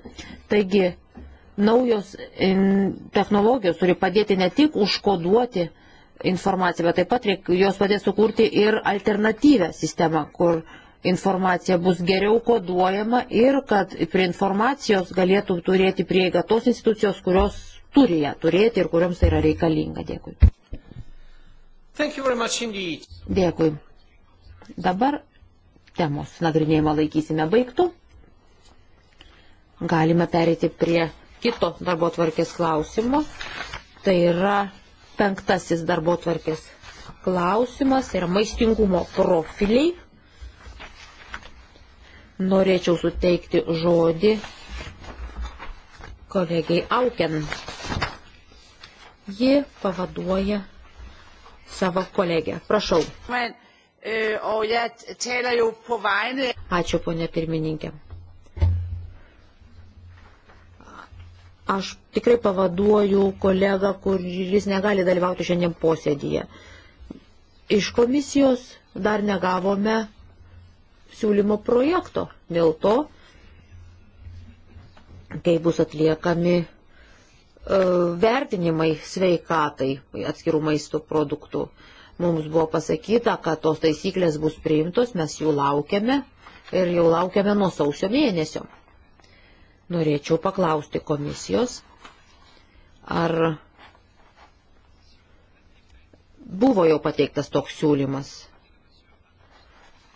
Taigi, naujos technologijos turi padėti ne tik užkoduoti informaciją, bet taip pat reik, jos padės sukurti ir alternatyvę sistemą, kur informacija bus geriau koduojama ir kad prie informacijos galėtų turėti prieigą tos institucijos, kurios turi ją turėti ir kuriams tai yra reikalinga. Dėkui. Dėkui. Dabar temos nagrinėjimą laikysime baigtų. Galime perėti prie kito darbo tvarkės klausimo. Tai yra penktasis darbo tvarkės klausimas, tai yra maistingumo profiliai norėčiau suteikti žodį kolegiai Auken. Ji pavaduoja savo kolegę. Prašau. Man, o jeg taler jo på vegne. Ačiū, ponė pirmininkė. Aš tikrai pavaduoju kolegą, kuris negali dalyvauti šiandien posėdyje. Iš komisijos dar negavome siūlymo projekto dėl to, kai bus atliekami e, vertinimai sveikatai atskirų maisto produktų. Mums buvo pasakyta, kad tos taisyklės bus priimtos, mes jų laukiame ir jau laukiame nuo sausio mėnesio. Norėčiau paklausti komisijos, ar buvo jau pateiktas toks siūlymas.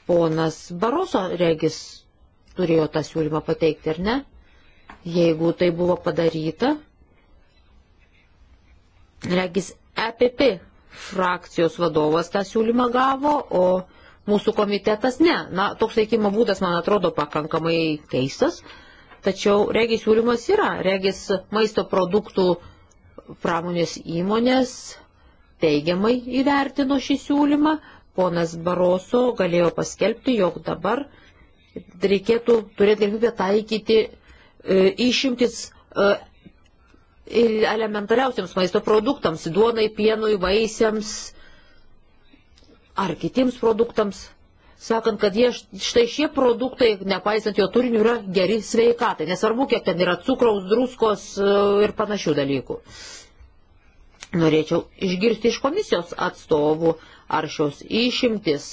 Ponas Baroso regis turėjo tą siūlymą pateikti, ar ne? Jeigu tai buvo padaryta, regis EPP frakcijos vadovas tą siūlymą gavo, o mūsų komitetas ne. Na, toks veikimo būdas, man atrodo, pakankamai keistas, tačiau regis siūlymas yra. Regis maisto produktų pramonės įmonės teigiamai įvertino šį siūlymą ponas Baroso galėjo paskelbti, jog dabar reikėtų turėti galimybę taikyti e, išimtis e, elementariausiams maisto produktams, duonai, pienui, vaisiams ar kitiems produktams, sakant, kad jie, štai šie produktai, nepaisant jo turinių, yra geri sveikatai, nesvarbu, kiek ten yra cukraus, druskos e, ir panašių dalykų. Norėčiau išgirsti iš komisijos atstovų, ar šios išimtis,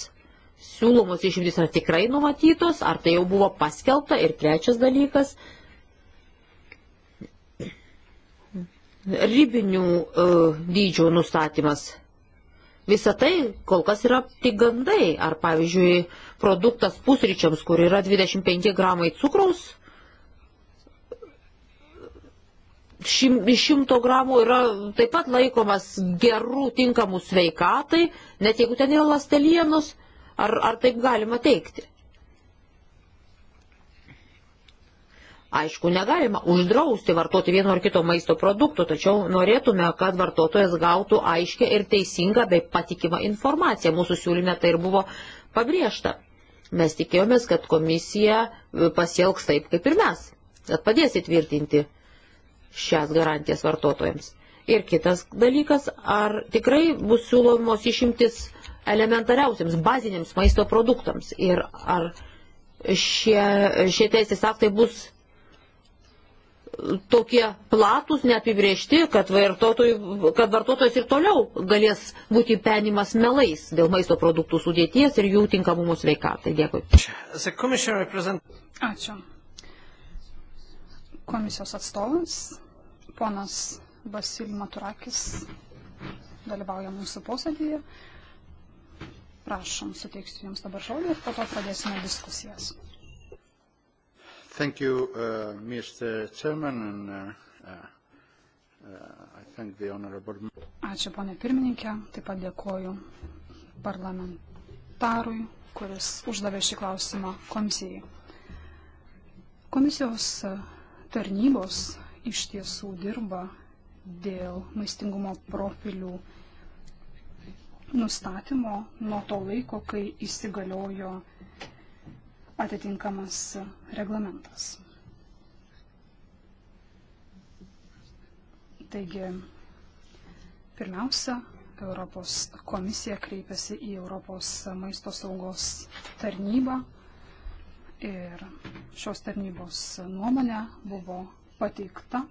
siūlomos išimtis yra tikrai numatytos, ar tai jau buvo paskelbta. Ir trečias dalykas, ribinių e, dydžių nustatymas. Visą tai kol kas yra tik gandai. Ar pavyzdžiui, produktas pusryčiams, kur yra 25 gramai cukraus, šim, šimto gramų yra taip pat laikomas gerų, tinkamų sveikatai, net jeigu ten yra lastelienos, ar, ar taip galima teikti? Aišku, negalima uždrausti vartoti vieno ar kito maisto produktų, tačiau norėtume, kad vartotojas gautų aiškę ir teisingą bei patikimą informaciją. Mūsų siūlyme tai ir buvo pabrėžta. Mes tikėjomės, kad komisija pasielgs taip, kaip ir mes, kad padės įtvirtinti šias garantijas vartotojams. Ir kitas dalykas, ar tikrai bus siūlomos išimtis elementariausiams, baziniams maisto produktams ir ar šie, šie teisės aktai bus tokie platus, neapibriežti, kad, kad vartotojas ir toliau galės būti penimas melais dėl maisto produktų sudėties ir jų tinkamumo sveikatai. Dėkui. Ačiū komisijos atstovas, ponas Vasilijus Maturakis dalyvauja mūsų posėdėje. Prašom, suteiksiu Jums dabar žodį ir po to pradėsime diskusijas. Thank you, uh, Mr. Chairman, and uh, uh, I thank the honorable... Ačiū, ponė pirmininkė, taip pat dėkoju parlamentarui, kuris uždavė šį klausimą komisijai. Komisijos uh, tarnybos iš tiesų dirba dėl maistingumo profilių nustatymo nuo to laiko, kai įsigaliojo atitinkamas reglamentas. Taigi, pirmiausia, Europos komisija kreipiasi į Europos maisto saugos tarnybą ir šios tarnybos nuomonė buvo pateikta.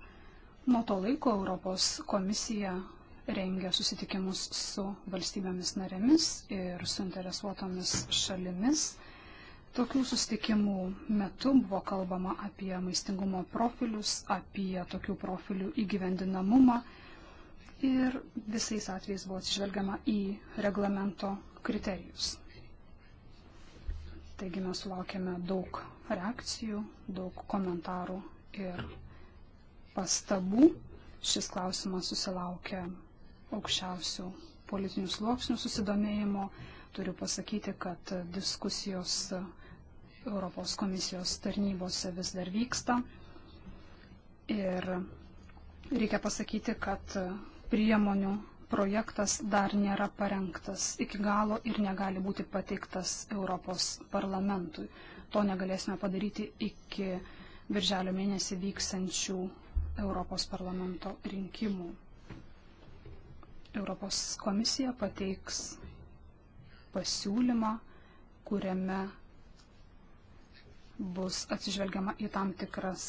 Nuo to laiko Europos komisija rengia susitikimus su valstybėmis narėmis ir suinteresuotomis šalimis. Tokių susitikimų metu buvo kalbama apie maistingumo profilius, apie tokių profilių įgyvendinamumą ir visais atvejais buvo atsižvelgiama į reglamento kriterijus. Taigi mes sulaukėme daug reakcijų, daug komentarų ir pastabų. Šis klausimas susilaukė aukščiausių politinių sluoksnių susidomėjimo. Turiu pasakyti, kad diskusijos Europos komisijos tarnybose vis dar vyksta. Ir reikia pasakyti, kad priemonių projektas dar nėra parengtas iki galo ir negali būti pateiktas Europos parlamentui. To negalėsime padaryti iki birželio mėnesį vyksančių Europos parlamento rinkimų. Europos komisija pateiks pasiūlymą, kuriame bus atsižvelgiama į tam tikras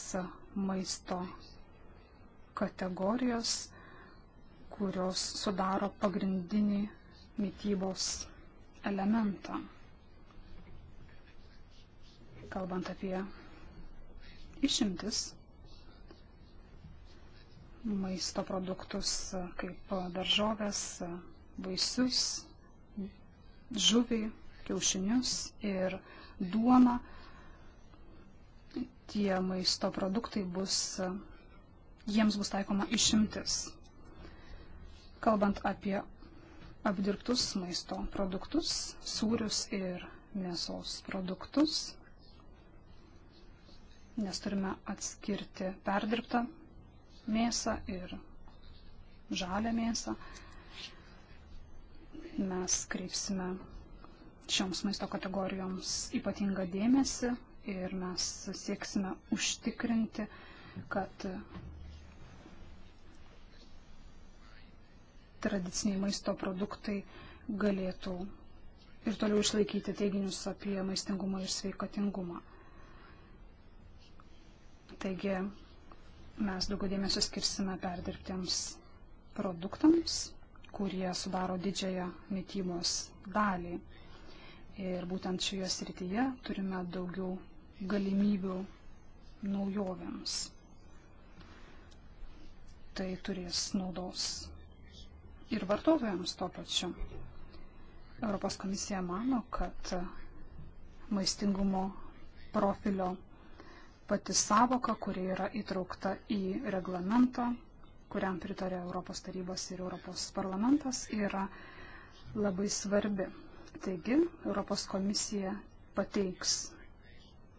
maisto kategorijos kurios sudaro pagrindinį mytybos elementą. Kalbant apie išimtis, maisto produktus kaip daržovės, vaisius, žuvį, kiaušinius ir duoną, tie maisto produktai bus, jiems bus taikoma išimtis Kalbant apie apdirbtus maisto produktus, sūrius ir mėsos produktus, nes turime atskirti perdirbtą mėsą ir žalę mėsą. Mes kreipsime šioms maisto kategorijoms ypatingą dėmesį ir mes sieksime užtikrinti, kad tradiciniai maisto produktai galėtų ir toliau išlaikyti teiginius apie maistingumą ir sveikatingumą. Taigi mes daugiau dėmesio skirsime perdirbtiems produktams, kurie sudaro didžiąją mytybos dalį. Ir būtent šioje srityje turime daugiau galimybių naujovėms. Tai turės naudos ir vartotojams tuo pačiu. Europos komisija mano, kad maistingumo profilio pati savoka, kuri yra įtraukta į reglamentą, kuriam pritarė Europos tarybos ir Europos parlamentas, yra labai svarbi. Taigi, Europos komisija pateiks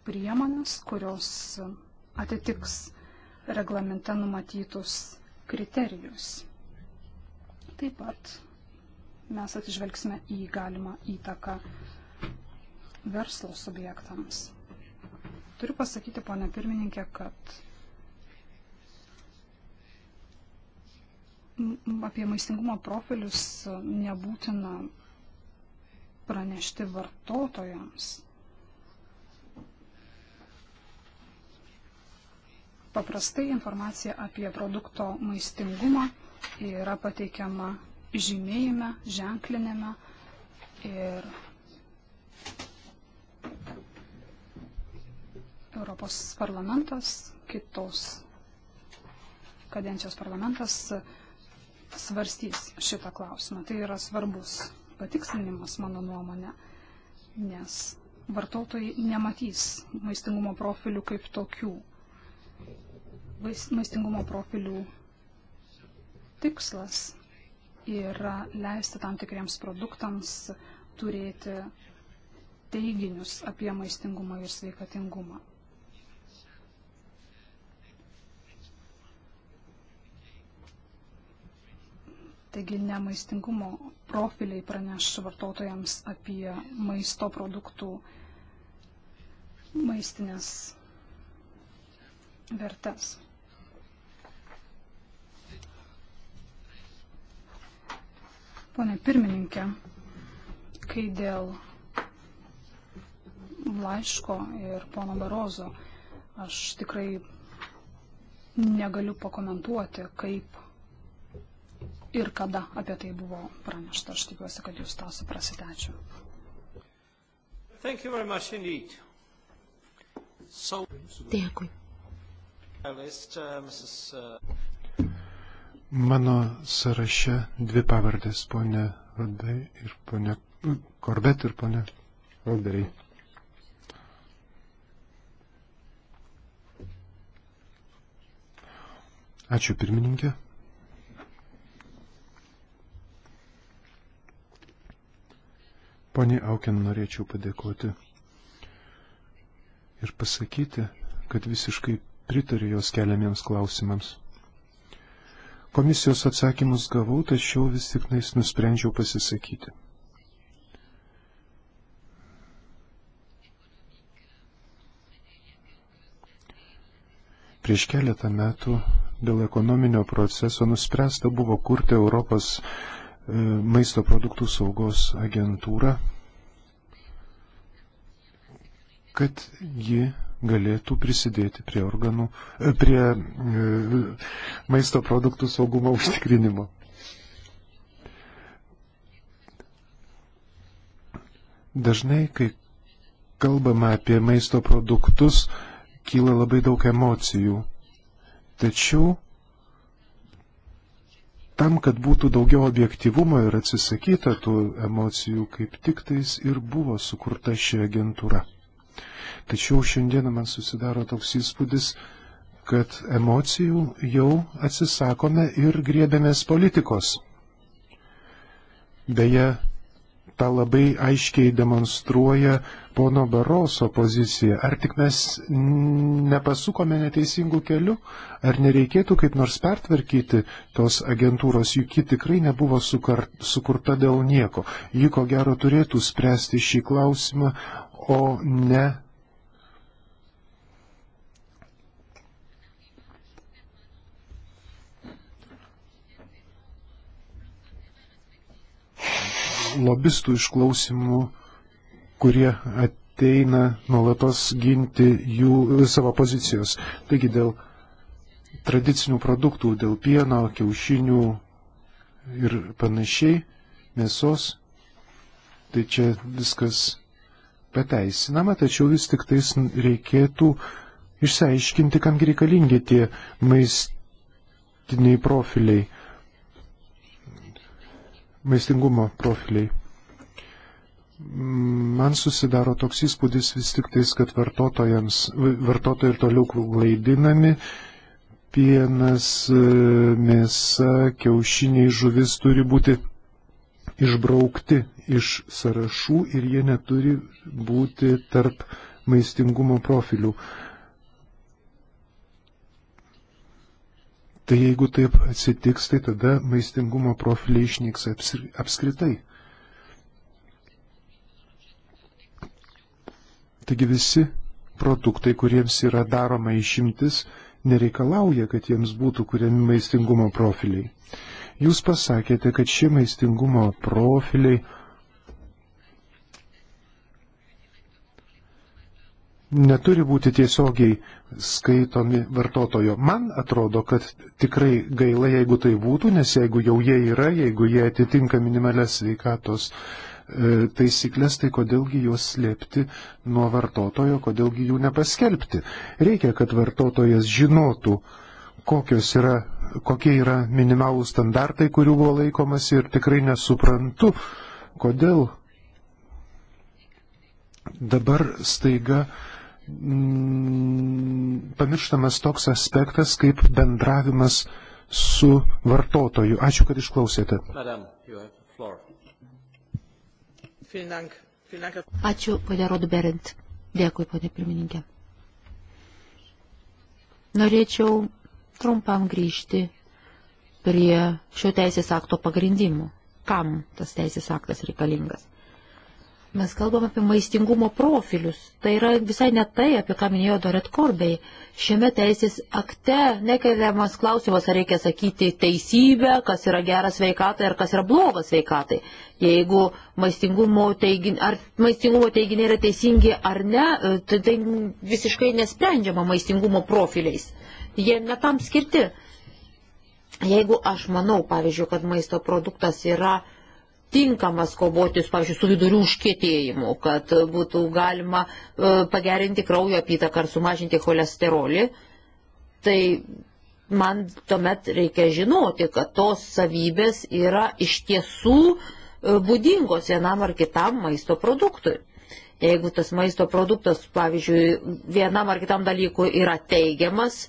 priemonės, kurios atitiks reglamente numatytus kriterijus taip pat mes atsižvelgsime į galimą įtaką verslo subjektams. Turiu pasakyti, ponė pirmininkė, kad apie maistingumo profilius nebūtina pranešti vartotojams. Paprastai informacija apie produkto maistingumą yra pateikiama žymėjime, ženklinime ir Europos parlamentas, kitos kadencijos parlamentas svarstys šitą klausimą. Tai yra svarbus patikslinimas, mano nuomonė, nes vartotojai nematys maistingumo profilių kaip tokių. Maistingumo profilių tikslas yra leisti tam tikriems produktams turėti teiginius apie maistingumą ir sveikatingumą. Taigi nemaistingumo profiliai praneš vartotojams apie maisto produktų maistinės vertes. Pone pirmininkė, kai dėl laiško ir pono Barozo aš tikrai negaliu pakomentuoti, kaip ir kada apie tai buvo pranešta. Aš tikiuosi, kad jūs tą suprasite. Ačiū. So... Dėkui. Uh, uh, Mano sąraše dvi pavardės, ponė Rodai ir ponė Korbet ir ponė Rodai. Ačiū pirmininkė. Pone Aukin norėčiau padėkoti ir pasakyti, kad visiškai pritariu jos keliamiems klausimams. Komisijos atsakymus gavau, tačiau vis tik nais nusprendžiau pasisakyti. Prieš keletą metų dėl ekonominio proceso nuspręsta buvo kurti Europos e, maisto produktų saugos agentūrą, kad ji galėtų prisidėti prie organų, e, prie e, maisto produktų saugumo užtikrinimo. Dažnai, kai kalbama apie maisto produktus, kyla labai daug emocijų. Tačiau tam, kad būtų daugiau objektivumo ir atsisakyta tų emocijų, kaip tik tais ir buvo sukurta ši agentūra. Tačiau šiandieną man susidaro toks įspūdis, kad emocijų jau atsisakome ir griebėmės politikos. Beje, tą labai aiškiai demonstruoja pono Baroso pozicija. Ar tik mes nepasukome neteisingų kelių, ar nereikėtų kaip nors pertvarkyti tos agentūros, juk ji tikrai nebuvo sukar, sukurta dėl nieko. Ji ko gero turėtų spręsti šį klausimą, o ne lobistų išklausimų, kurie ateina nuolatos ginti jų e, savo pozicijos. Taigi dėl tradicinių produktų, dėl pieno, kiaušinių ir panašiai, mėsos, tai čia viskas pateisinama, tačiau vis tik tais reikėtų išsiaiškinti, kamgi reikalingi tie maistiniai profiliai maistingumo profiliai. Man susidaro toks įspūdis vis tik tais, kad vartotojai ir toliau klaidinami. Pienas, mėsa, kiaušiniai, žuvis turi būti išbraukti iš sąrašų ir jie neturi būti tarp maistingumo profilių. Tai jeigu taip atsitiks, tai tada maistingumo profiliai išnyks apskritai. Taigi visi produktai, kuriems yra daroma išimtis, nereikalauja, kad jiems būtų kuriami maistingumo profiliai. Jūs pasakėte, kad šie maistingumo profiliai neturi būti tiesiogiai skaitomi vartotojo. Man atrodo, kad tikrai gaila, jeigu tai būtų, nes jeigu jau jie yra, jeigu jie atitinka minimalias sveikatos e, taisyklės, tai kodėlgi juos slėpti nuo vartotojo, kodėlgi jų nepaskelbti. Reikia, kad vartotojas žinotų, kokios yra, kokie yra minimalų standartai, kurių buvo laikomas ir tikrai nesuprantu, kodėl dabar staiga uh, Mm, pamirštamas toks aspektas kaip bendravimas su vartotoju. Ačiū, kad išklausėte. Madam, Ačiū, ponė Rodberint. Dėkui, ponė pirmininkė. Norėčiau trumpam grįžti prie šio teisės akto pagrindimų. Kam tas teisės aktas reikalingas? Mes kalbam apie maistingumo profilius. Tai yra visai ne tai, apie ką minėjo Doret Korbei. Šiame teisės akte nekeliamas klausimas, ar reikia sakyti teisybę, kas yra geras veikatai ir kas yra blogas veikatai. Jeigu maistingumo, teigin, ar maistingumo teiginiai yra teisingi ar ne, tai, tai visiškai nesprendžiama maistingumo profiliais. Jie netam skirti. Jeigu aš manau, pavyzdžiui, kad maisto produktas yra tinkamas kovotis, pavyzdžiui, su vidurių užkietėjimu, kad būtų galima e, pagerinti kraujo apytaką ar sumažinti cholesterolį, tai man tuomet reikia žinoti, kad tos savybės yra iš tiesų e, būdingos vienam ar kitam maisto produktui. Jeigu tas maisto produktas, pavyzdžiui, vienam ar kitam dalykui yra teigiamas,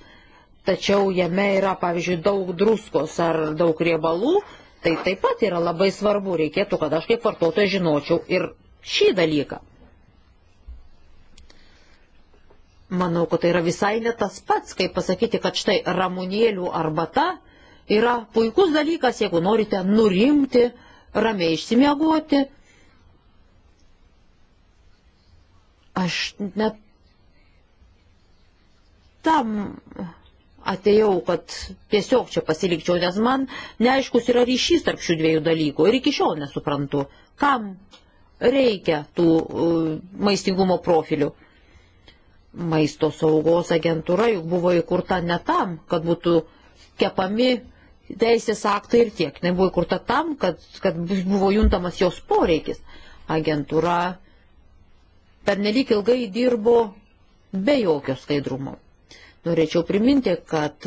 tačiau jame yra, pavyzdžiui, daug druskos ar daug riebalų, Tai taip pat yra labai svarbu, reikėtų, kad aš kaip vartotojas žinočiau ir šį dalyką. Manau, kad tai yra visai ne tas pats, kaip pasakyti, kad štai ramunėlių arbata yra puikus dalykas, jeigu norite nurimti, ramiai išsimiegoti. Aš net tam atėjau, kad tiesiog čia pasilikčiau, nes man neaiškus yra ryšys tarp šių dviejų dalykų ir iki šiol nesuprantu, kam reikia tų uh, maistingumo profilių. Maisto saugos agentūra juk buvo įkurta ne tam, kad būtų kepami teisės aktai ir tiek. Jis buvo įkurta tam, kad, kad buvo juntamas jos poreikis. Agentūra per nelik ilgai dirbo be jokio skaidrumo. Norėčiau priminti, kad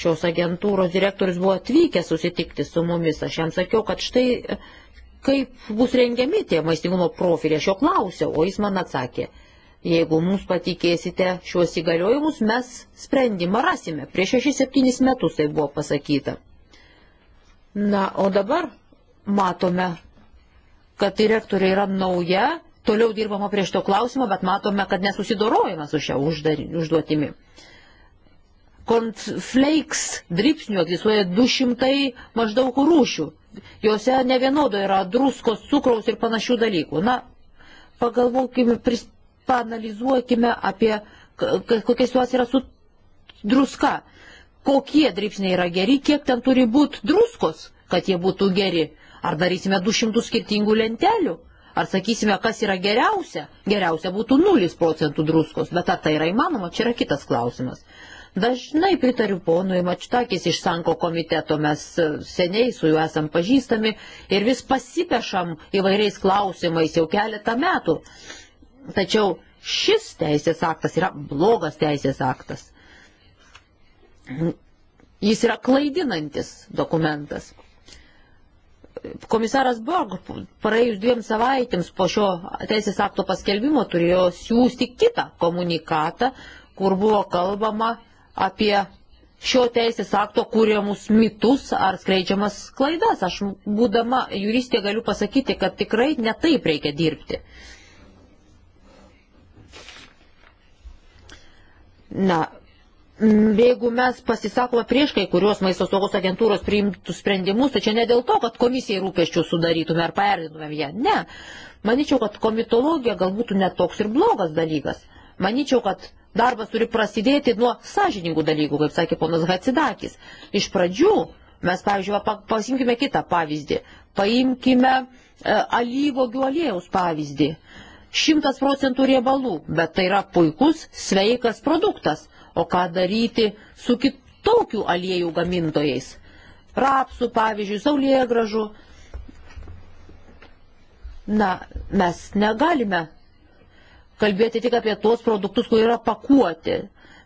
šios agentūros direktorius buvo atvykęs susitikti su mumis. Aš jam sakiau, kad štai e, kaip bus rengiami tie maistingumo profiliai. Aš jo klausiau, o jis man atsakė, jeigu mums patikėsite šiuos įgaliojimus, mes sprendimą rasime. Prieš 6-7 metus tai buvo pasakyta. Na, o dabar matome, kad direktorė yra nauja, toliau dirbama prieš to klausimą, bet matome, kad nesusidorojama su šia užduotimi. Uždar Cornflakes dripsnių egzistuoja 200 maždaug rūšių. Jose ne vienodo yra druskos, cukraus ir panašių dalykų. Na, pagalvokime, pris, panalizuokime apie kokia situacija yra su druska. Kokie dripsniai yra geri, kiek ten turi būti druskos, kad jie būtų geri. Ar darysime 200 skirtingų lentelių? Ar sakysime, kas yra geriausia? Geriausia būtų 0 procentų druskos, bet ar tai yra įmanoma, čia yra kitas klausimas. Dažnai pritariu ponui Mačtakis iš Sanko komiteto, mes e, seniai su juo esam pažįstami ir vis pasipešam įvairiais klausimais jau keletą metų. Tačiau šis teisės aktas yra blogas teisės aktas. Jis yra klaidinantis dokumentas. Komisaras Borg praėjus dviem savaitėms po šio teisės akto paskelbimo turėjo siūsti kitą komunikatą, kur buvo kalbama apie šio teisės akto kūriamus mitus ar skleidžiamas klaidas. Aš būdama juristė galiu pasakyti, kad tikrai netaip reikia dirbti. Na, jeigu mes pasisakome prieš kai kurios maisto saugos agentūros priimtų sprendimus, tai čia ne dėl to, kad komisijai rūpeščių sudarytume ar paerdintumėm ją. Ne. Manyčiau, kad komitologija galbūt netoks ir blogas dalykas. Maničiau, kad darbas turi prasidėti nuo sąžiningų dalykų, kaip sakė ponas Hatsidakis. Iš pradžių mes, pavyzdžiui, pasimkime kitą pavyzdį. Paimkime e, alyvogių aliejaus pavyzdį. 100 procentų riebalų, bet tai yra puikus, sveikas produktas. O ką daryti su kitokių aliejų gamintojais? Rapsų, pavyzdžiui, saulėgražų. Na, mes negalime kalbėti tik apie tuos produktus, kurie yra pakuoti.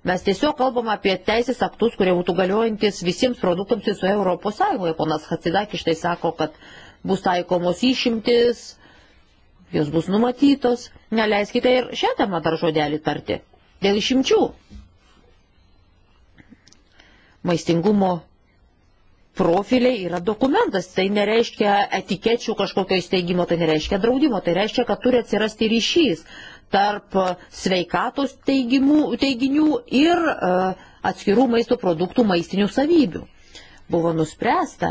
Mes tiesiog kalbam apie teisės aktus, kurie būtų galiojantis visiems produktams visoje Europos Sąjungoje. Ponas Hatsidakis tai sako, kad bus taikomos išimtis, jos bus numatytos. Neleiskite ir šią temą dar žodelį tarti. Dėl išimčių. Maistingumo profiliai yra dokumentas, tai nereiškia etikečių kažkokio įsteigimo, tai nereiškia draudimo, tai reiškia, kad turi atsirasti ryšys tarp sveikatos teigimų, teiginių ir e, atskirų maisto produktų maistinių savybių. Buvo nuspręsta,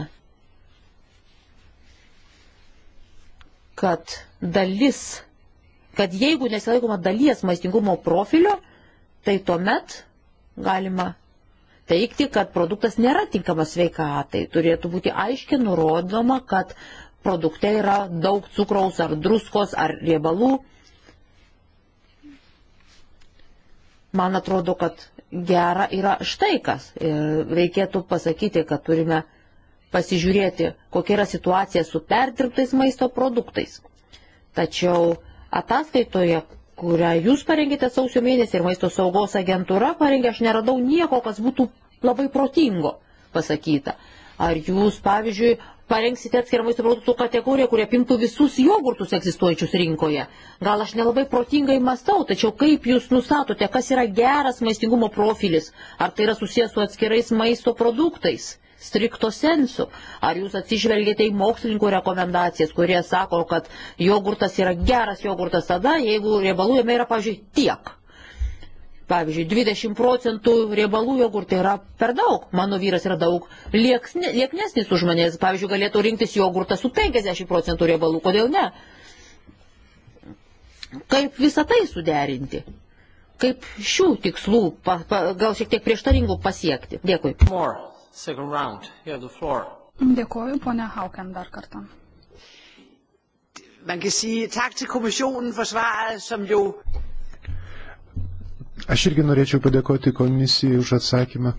kad dalis, kad jeigu nesilaikoma dalies maistingumo profilio, tai tuomet galima teikti, kad produktas nėra tinkamas sveikatai. Turėtų būti aiškiai nurodoma, kad produkte yra daug cukraus ar druskos ar riebalų Man atrodo, kad gera yra štai kas. Ir reikėtų pasakyti, kad turime pasižiūrėti, kokia yra situacija su perdirbtais maisto produktais. Tačiau ataskaitoje, kurią jūs parengėte sausio mėnesį ir maisto saugos agentūra parengė, aš neradau nieko, kas būtų labai protingo pasakyta. Ar jūs, pavyzdžiui, parengsite atskirą maisto produktų kategoriją, kurie apimtų visus jogurtus egzistuojančius rinkoje. Gal aš nelabai protingai mastau, tačiau kaip jūs nustatote, kas yra geras maistingumo profilis, ar tai yra susijęs su atskirais maisto produktais? strikto sensu. Ar jūs atsižvelgėte į mokslininkų rekomendacijas, kurie sako, kad jogurtas yra geras jogurtas tada, jeigu riebalų jame yra, pažiūrėjau, tiek. Pavyzdžiui, 20 procentų riebalų jogurte yra per daug. Mano vyras yra daug liekne, lieknesnis už manęs. Pavyzdžiui, galėtų rinktis jogurtą su 50 procentų riebalų. Kodėl ne? Kaip visą tai suderinti? Kaip šių tikslų, pa, pa, gal šiek tiek prieštaringų pasiekti? Dėkui. More. Dėkoju, ponia Hauken, dar kartą. Man kan sige tak til kommissionen for svaret, som jo Aš irgi norėčiau padėkoti komisijai už atsakymą.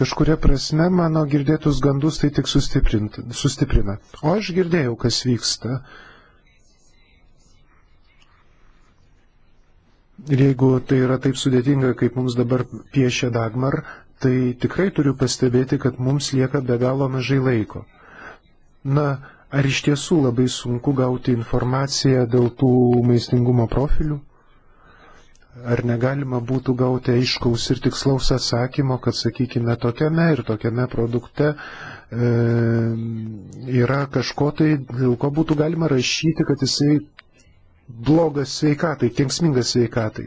Kažkuria prasme mano girdėtus gandus tai tik sustiprina. O aš girdėjau, kas vyksta. Ir jeigu tai yra taip sudėtinga, kaip mums dabar piešia Dagmar, tai tikrai turiu pastebėti, kad mums lieka be galo mažai laiko. Na, Ar iš tiesų labai sunku gauti informaciją dėl tų maistingumo profilių? Ar negalima būtų gauti aiškaus ir tikslaus atsakymo, kad, sakykime, tokiame ir tokiame produkte e, yra kažko tai, dėl ko būtų galima rašyti, kad jisai blogas sveikatai, kenksmingas sveikatai.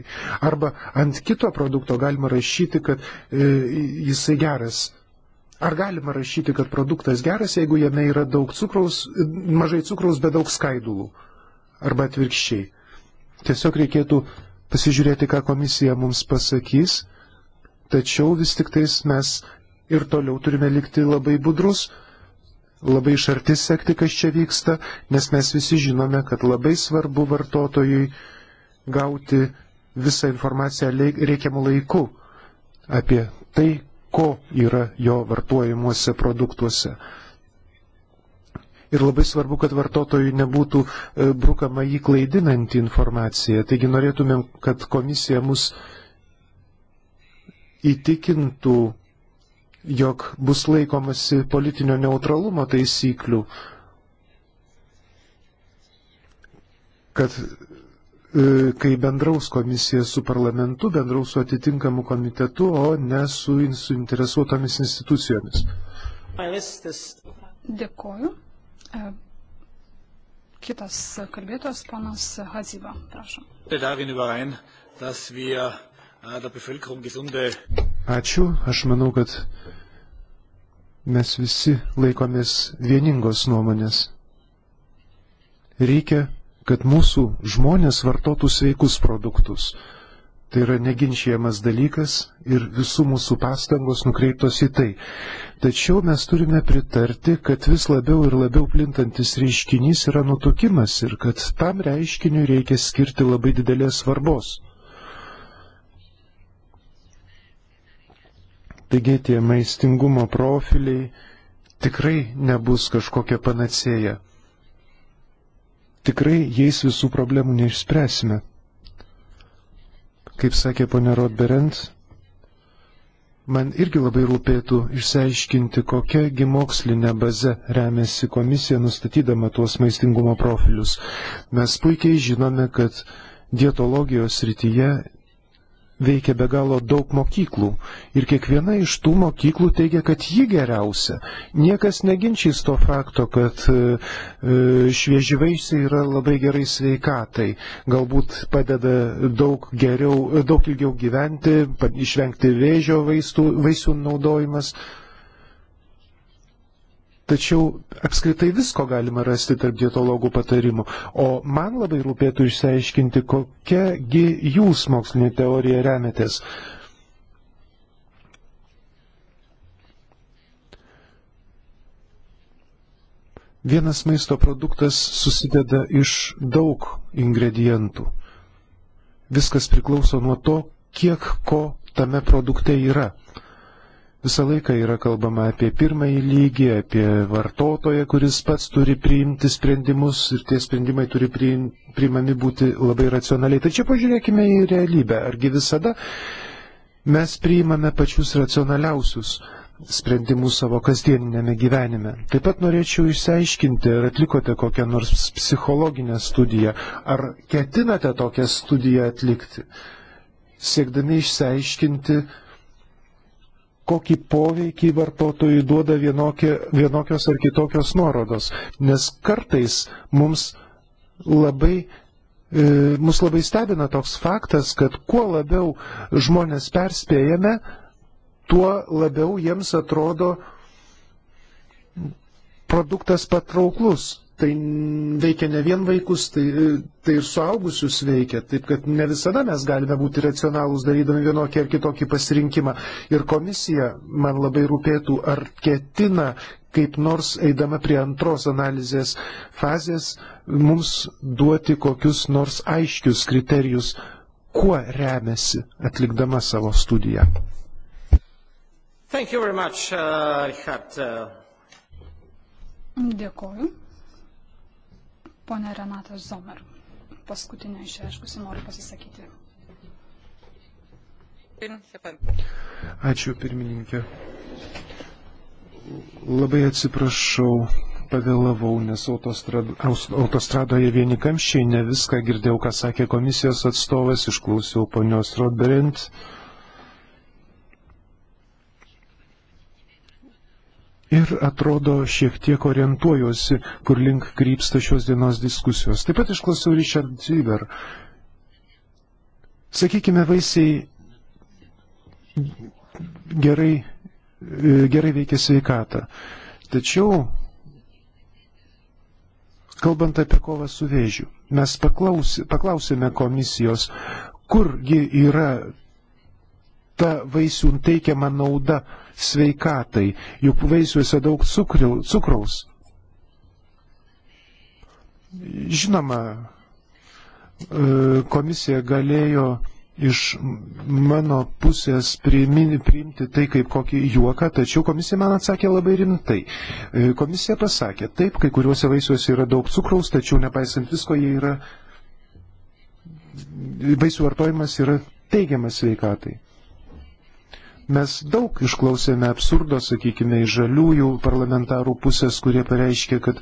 Arba ant kito produkto galima rašyti, kad e, jisai geras Ar galima rašyti, kad produktas geras, jeigu jame yra daug cukraus, mažai cukraus, bet daug skaidulų? Arba atvirkščiai. Tiesiog reikėtų pasižiūrėti, ką komisija mums pasakys, tačiau vis tik tais mes ir toliau turime likti labai budrus, labai iš arti sekti, kas čia vyksta, nes mes visi žinome, kad labai svarbu vartotojui gauti visą informaciją reikiamų laikų apie tai, ko yra jo vartojimuose produktuose. Ir labai svarbu, kad vartotojui nebūtų e, brukama jį klaidinanti informacija. Taigi norėtumėm, kad komisija mus įtikintų, jog bus laikomasi politinio neutralumo taisyklių, kad E, kai bendraus komisija su parlamentu, bendraus su atitinkamu komitetu, o ne su suinteresuotomis institucijomis. Dėkoju. E, kitas kalbėtojas, ponas Haziba, prašom. Äh, Ačiū, aš manau, kad mes visi laikomės vieningos nuomonės. Reikia kad mūsų žmonės vartotų sveikus produktus. Tai yra neginčiamas dalykas ir visų mūsų pastangos nukreiptos į tai. Tačiau mes turime pritarti, kad vis labiau ir labiau plintantis reiškinys yra nutukimas ir kad tam reiškiniui reikia skirti labai didelės svarbos. Taigi tie maistingumo profiliai tikrai nebus kažkokia panacėja tikrai jais visų problemų neišspręsime. Kaip sakė ponė Rodberent, man irgi labai rūpėtų išsiaiškinti, kokiagi mokslinė baze remiasi komisija nustatydama tuos maistingumo profilius. Mes puikiai žinome, kad dietologijos rytyje veikia be galo daug mokyklų ir kiekviena iš tų mokyklų teigia, kad ji geriausia. Niekas neginčys to fakto, kad e, e švieži vaisiai yra labai gerai sveikatai, galbūt padeda daug, geriau, daug ilgiau gyventi, išvengti vėžio vaistų, vaisių naudojimas. Tačiau apskritai visko galima rasti tarp dietologų patarimų. O man labai rūpėtų išsiaiškinti, kokiagi jūs mokslinė teorija remetės. Vienas maisto produktas susideda iš daug ingredientų. Viskas priklauso nuo to, kiek ko tame produkte yra. Visą laiką yra kalbama apie pirmąjį lygį, apie vartotoją, kuris pats turi priimti sprendimus ir tie sprendimai turi priim, priimami būti labai racionaliai. Tačiau pažiūrėkime į realybę. Argi visada mes priimame pačius racionaliausius sprendimus savo kasdieninėme gyvenime. Taip pat norėčiau išsiaiškinti, ar atlikote kokią nors psichologinę studiją, ar ketinate tokią studiją atlikti, siekdami išsiaiškinti, kokį poveikį vartotojui duoda vienokie, vienokios ar kitokios nuorodos. Nes kartais mums labai e, mus labai stebina toks faktas, kad kuo labiau žmonės perspėjame, tuo labiau jiems atrodo produktas patrauklus tai veikia ne vien vaikus, tai, tai ir suaugusius veikia. Taip kad ne visada mes galime būti racionalūs darydami vienokį ar kitokį pasirinkimą. Ir komisija man labai rūpėtų, ar ketina kaip nors eidama prie antros analizės fazės mums duoti kokius nors aiškius kriterijus, kuo remiasi atlikdama savo studiją. Thank you very much, uh, Richard. Uh... Dėkoju. Pone Renata Zomer, paskutinė išreiškusi noriu pasisakyti. Ačiū pirmininkė. Labai atsiprašau, pavėlavau, nes autostrad... autostradoje vieni kamščiai, ne viską girdėjau, ką sakė komisijos atstovas, išklausiau ponios Rodberint. Uh, ir atrodo šiek tiek orientuojuosi, kur link krypsta šios dienos diskusijos. Taip pat išklausiau Richard Ziver. Sakykime, vaisiai gerai, e, gerai veikia sveikatą. Tačiau, kalbant apie kovą su vėžiu, mes paklausime komisijos, kurgi yra ta vaisių teikiama nauda sveikatai, juk vaisiuose daug cukriu, cukraus. Žinoma, e, komisija galėjo iš mano pusės priimti, priimti tai kaip kokį juoką, tačiau komisija man atsakė labai rimtai. E, komisija pasakė, taip, kai kuriuose vaisiuose yra daug cukraus, tačiau nepaisant visko, jie yra, vaisių vartojimas yra teigiamas sveikatai. Mes daug išklausėme absurdo, sakykime, iš žaliųjų parlamentarų pusės, kurie pareiškė, kad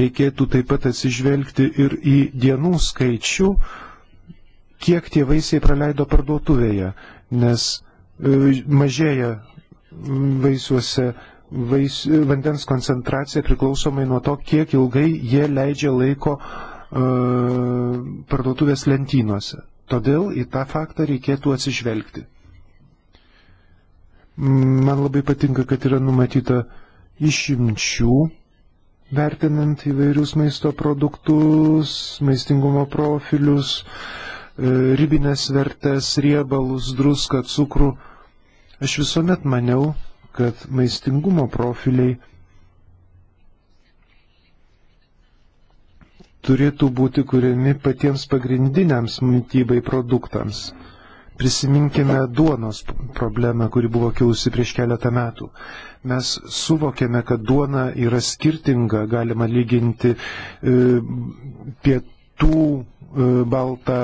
reikėtų taip pat atsižvelgti ir į dienų skaičių, kiek tie vaisiai praleido parduotuvėje, nes e, mažėja vaisiuose vais, vandens koncentracija priklausomai nuo to, kiek ilgai jie leidžia laiko uh, parduotuvės lentynuose. Todėl į tą faktą reikėtų atsižvelgti. Man labai patinka, kad yra numatyta išimčių, vertinant įvairius maisto produktus, maistingumo profilius, e, ribinės vertės, riebalus, druską, cukrų. Aš visuomet maniau, kad maistingumo profiliai turėtų būti kuriami patiems pagrindiniams mytybai produktams. Prisiminkime duonos problemą, kuri buvo kilusi prieš keletą metų. Mes suvokėme, kad duona yra skirtinga, galima lyginti e, pietų e, baltą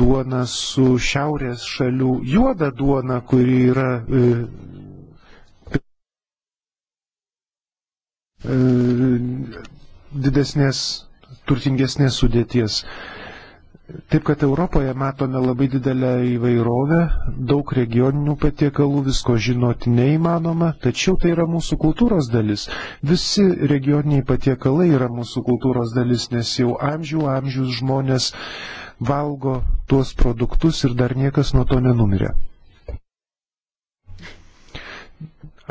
duoną su šiaurės šalių juoda duona, kuri yra e, e, didesnės, turtingesnės sudėties. E, Taip kad Europoje matome labai didelę įvairovę, daug regioninių patiekalų, visko žinoti neįmanoma, tačiau tai yra mūsų kultūros dalis. Visi regioniniai patiekalai yra mūsų kultūros dalis, nes jau amžių amžius žmonės valgo tuos produktus ir dar niekas nuo to nenumirė.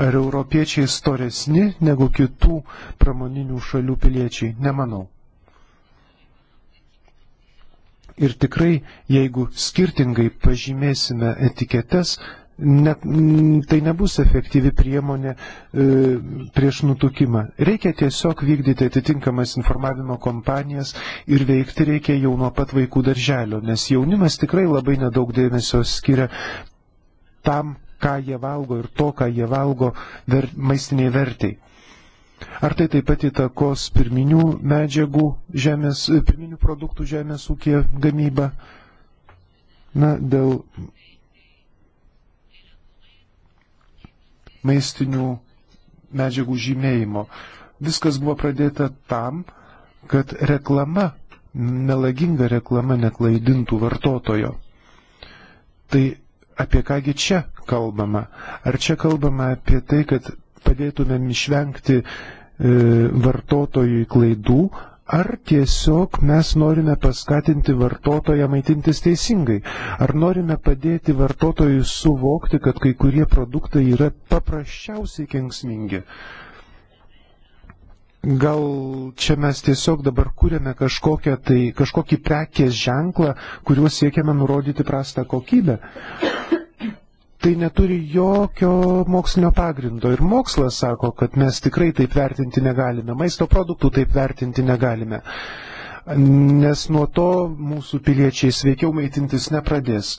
Ar europiečiai storesni negu kitų pramoninių šalių piliečiai? Nemanau. Ir tikrai, jeigu skirtingai pažymėsime etiketes, ne, tai nebus efektyvi priemonė e, prieš nutukimą. Reikia tiesiog vykdyti atitinkamas informavimo kompanijas ir veikti reikia jau nuo pat vaikų darželio, nes jaunimas tikrai labai nedaug dėmesio skiria tam, ką jie valgo ir to, ką jie valgo ver, maistiniai vertai. Ar tai taip pat įtakos pirminių medžiagų, žemės, e, pirminių produktų žemės ūkė gamybą? Na, dėl maistinių medžiagų žymėjimo. Viskas buvo pradėta tam, kad reklama, melaginga reklama neklaidintų vartotojo. Tai apie kągi čia kalbama? Ar čia kalbama apie tai, kad padėtumėm išvengti e, vartotojui klaidų, ar tiesiog mes norime paskatinti vartotoją maitintis teisingai, ar norime padėti vartotojui suvokti, kad kai kurie produktai yra paprasčiausiai kengsmingi. Gal čia mes tiesiog dabar kūrėme kažkokią tai, kažkokį prekės ženklą, kuriuo siekiame nurodyti prastą kokybę tai neturi jokio mokslinio pagrindo. Ir mokslas sako, kad mes tikrai taip vertinti negalime, maisto produktų taip vertinti negalime. Nes nuo to mūsų piliečiai sveikiau maitintis nepradės.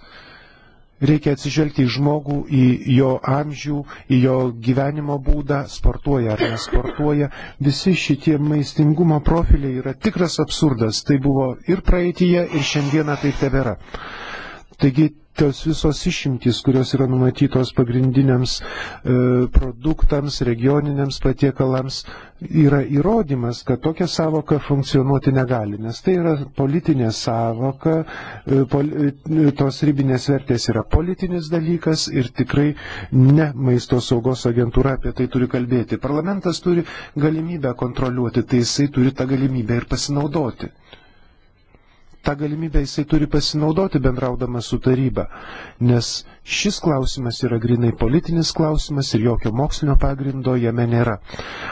Reikia atsižvelgti į žmogų, į jo amžių, į jo gyvenimo būdą, sportuoja ar nesportuoja. Visi šitie maistingumo profiliai yra tikras absurdas. Tai buvo ir praeitie, ir šiandieną taip tebėra. Taigi tos visos išimtys, kurios yra numatytos pagrindiniams e, produktams, regioniniams patiekalams, yra įrodymas, kad tokia savoka funkcionuoti negali, nes tai yra politinė savoka, e, pol, e, tos ribinės vertės yra politinis dalykas ir tikrai ne maisto saugos agentūra apie tai turi kalbėti. Parlamentas turi galimybę kontroliuoti, tai jisai turi tą galimybę ir pasinaudoti tą galimybę jisai turi pasinaudoti bendraudamas su taryba, nes šis klausimas yra grinai politinis klausimas ir jokio mokslinio pagrindo jame nėra.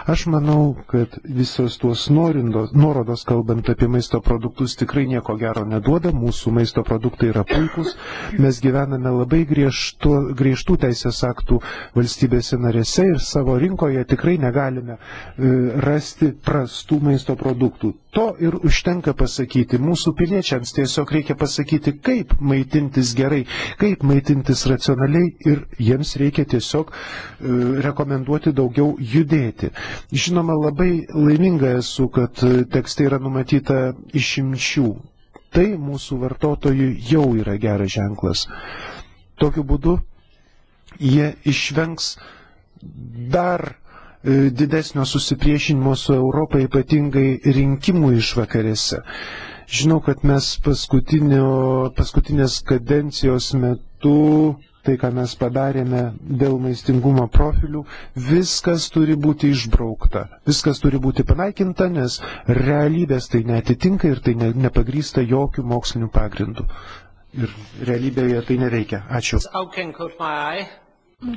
Aš manau, kad visos tuos norindos, nuorodos, kalbant apie maisto produktus, tikrai nieko gero neduoda, mūsų maisto produktai yra puikūs, mes gyvename labai griežtų, griežtų teisės aktų valstybėse narėse ir savo rinkoje tikrai negalime e, rasti prastų maisto produktų. To ir užtenka pasakyti, mūsų piliečiai piliečiams tiesiog reikia pasakyti, kaip maitintis gerai, kaip maitintis racionaliai ir jiems reikia tiesiog e, rekomenduoti daugiau judėti. Žinoma, labai laiminga esu, kad e, tekste yra numatyta išimčių. Tai mūsų vartotojui jau yra geras ženklas. Tokiu būdu jie išvengs dar e, didesnio susipriešinimo su Europą, ypatingai rinkimų išvakarėse. Žinau, kad mes paskutinės kadencijos metu tai, ką mes padarėme dėl maistingumo profilių, viskas turi būti išbraukta, viskas turi būti panaikinta, nes realybės tai netitinka ir tai ne, nepagrysta jokių mokslinių pagrindų. Ir realybėje tai nereikia. Ačiū.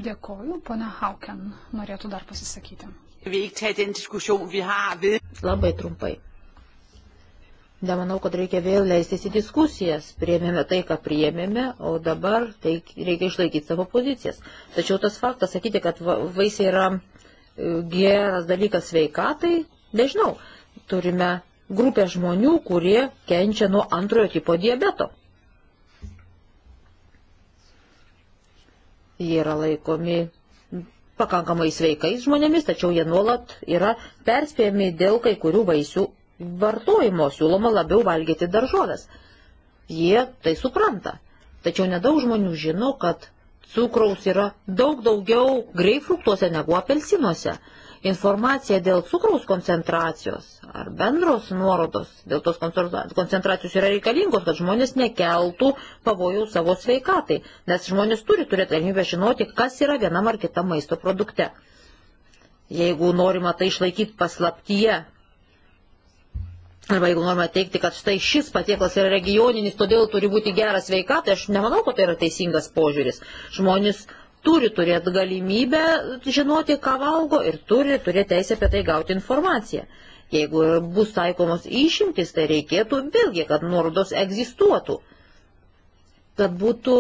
Dėkoju, pana Hauken, norėtų dar pasisakyti. Labai trumpai Nemanau, kad reikia vėl leistis į diskusijas. Priėmėme tai, ką priėmėme, o dabar tai reikia išlaikyti savo pozicijas. Tačiau tas faktas, sakyti, kad vaisiai yra e, geras dalykas sveikatai, nežinau, turime grupę žmonių, kurie kenčia nuo antrojo tipo diabeto. Jie yra laikomi pakankamai sveikais žmonėmis, tačiau jie nuolat yra perspėjami dėl kai kurių vaisių vartojimo, siūloma labiau valgyti daržovės. Jie tai supranta. Tačiau nedaug žmonių žino, kad cukraus yra daug daugiau greifruktuose negu apelsinuose. Informacija dėl cukraus koncentracijos ar bendros nuorodos dėl tos koncentracijos yra reikalingos, kad žmonės nekeltų pavojų savo sveikatai, nes žmonės turi turėti galimybę žinoti, kas yra vienam ar kitam maisto produkte. Jeigu norima tai išlaikyti paslaptyje Arba jeigu norime teikti, kad štai šis patieklas yra regioninis, todėl turi būti geras sveikatai, aš nemanau, kad tai yra teisingas požiūris. Žmonės turi turėti galimybę žinoti, ką valgo ir turi turėti teisę apie tai gauti informaciją. Jeigu bus taikomos išimtis, tai reikėtų vėlgi, kad nuorodos egzistuotų, kad būtų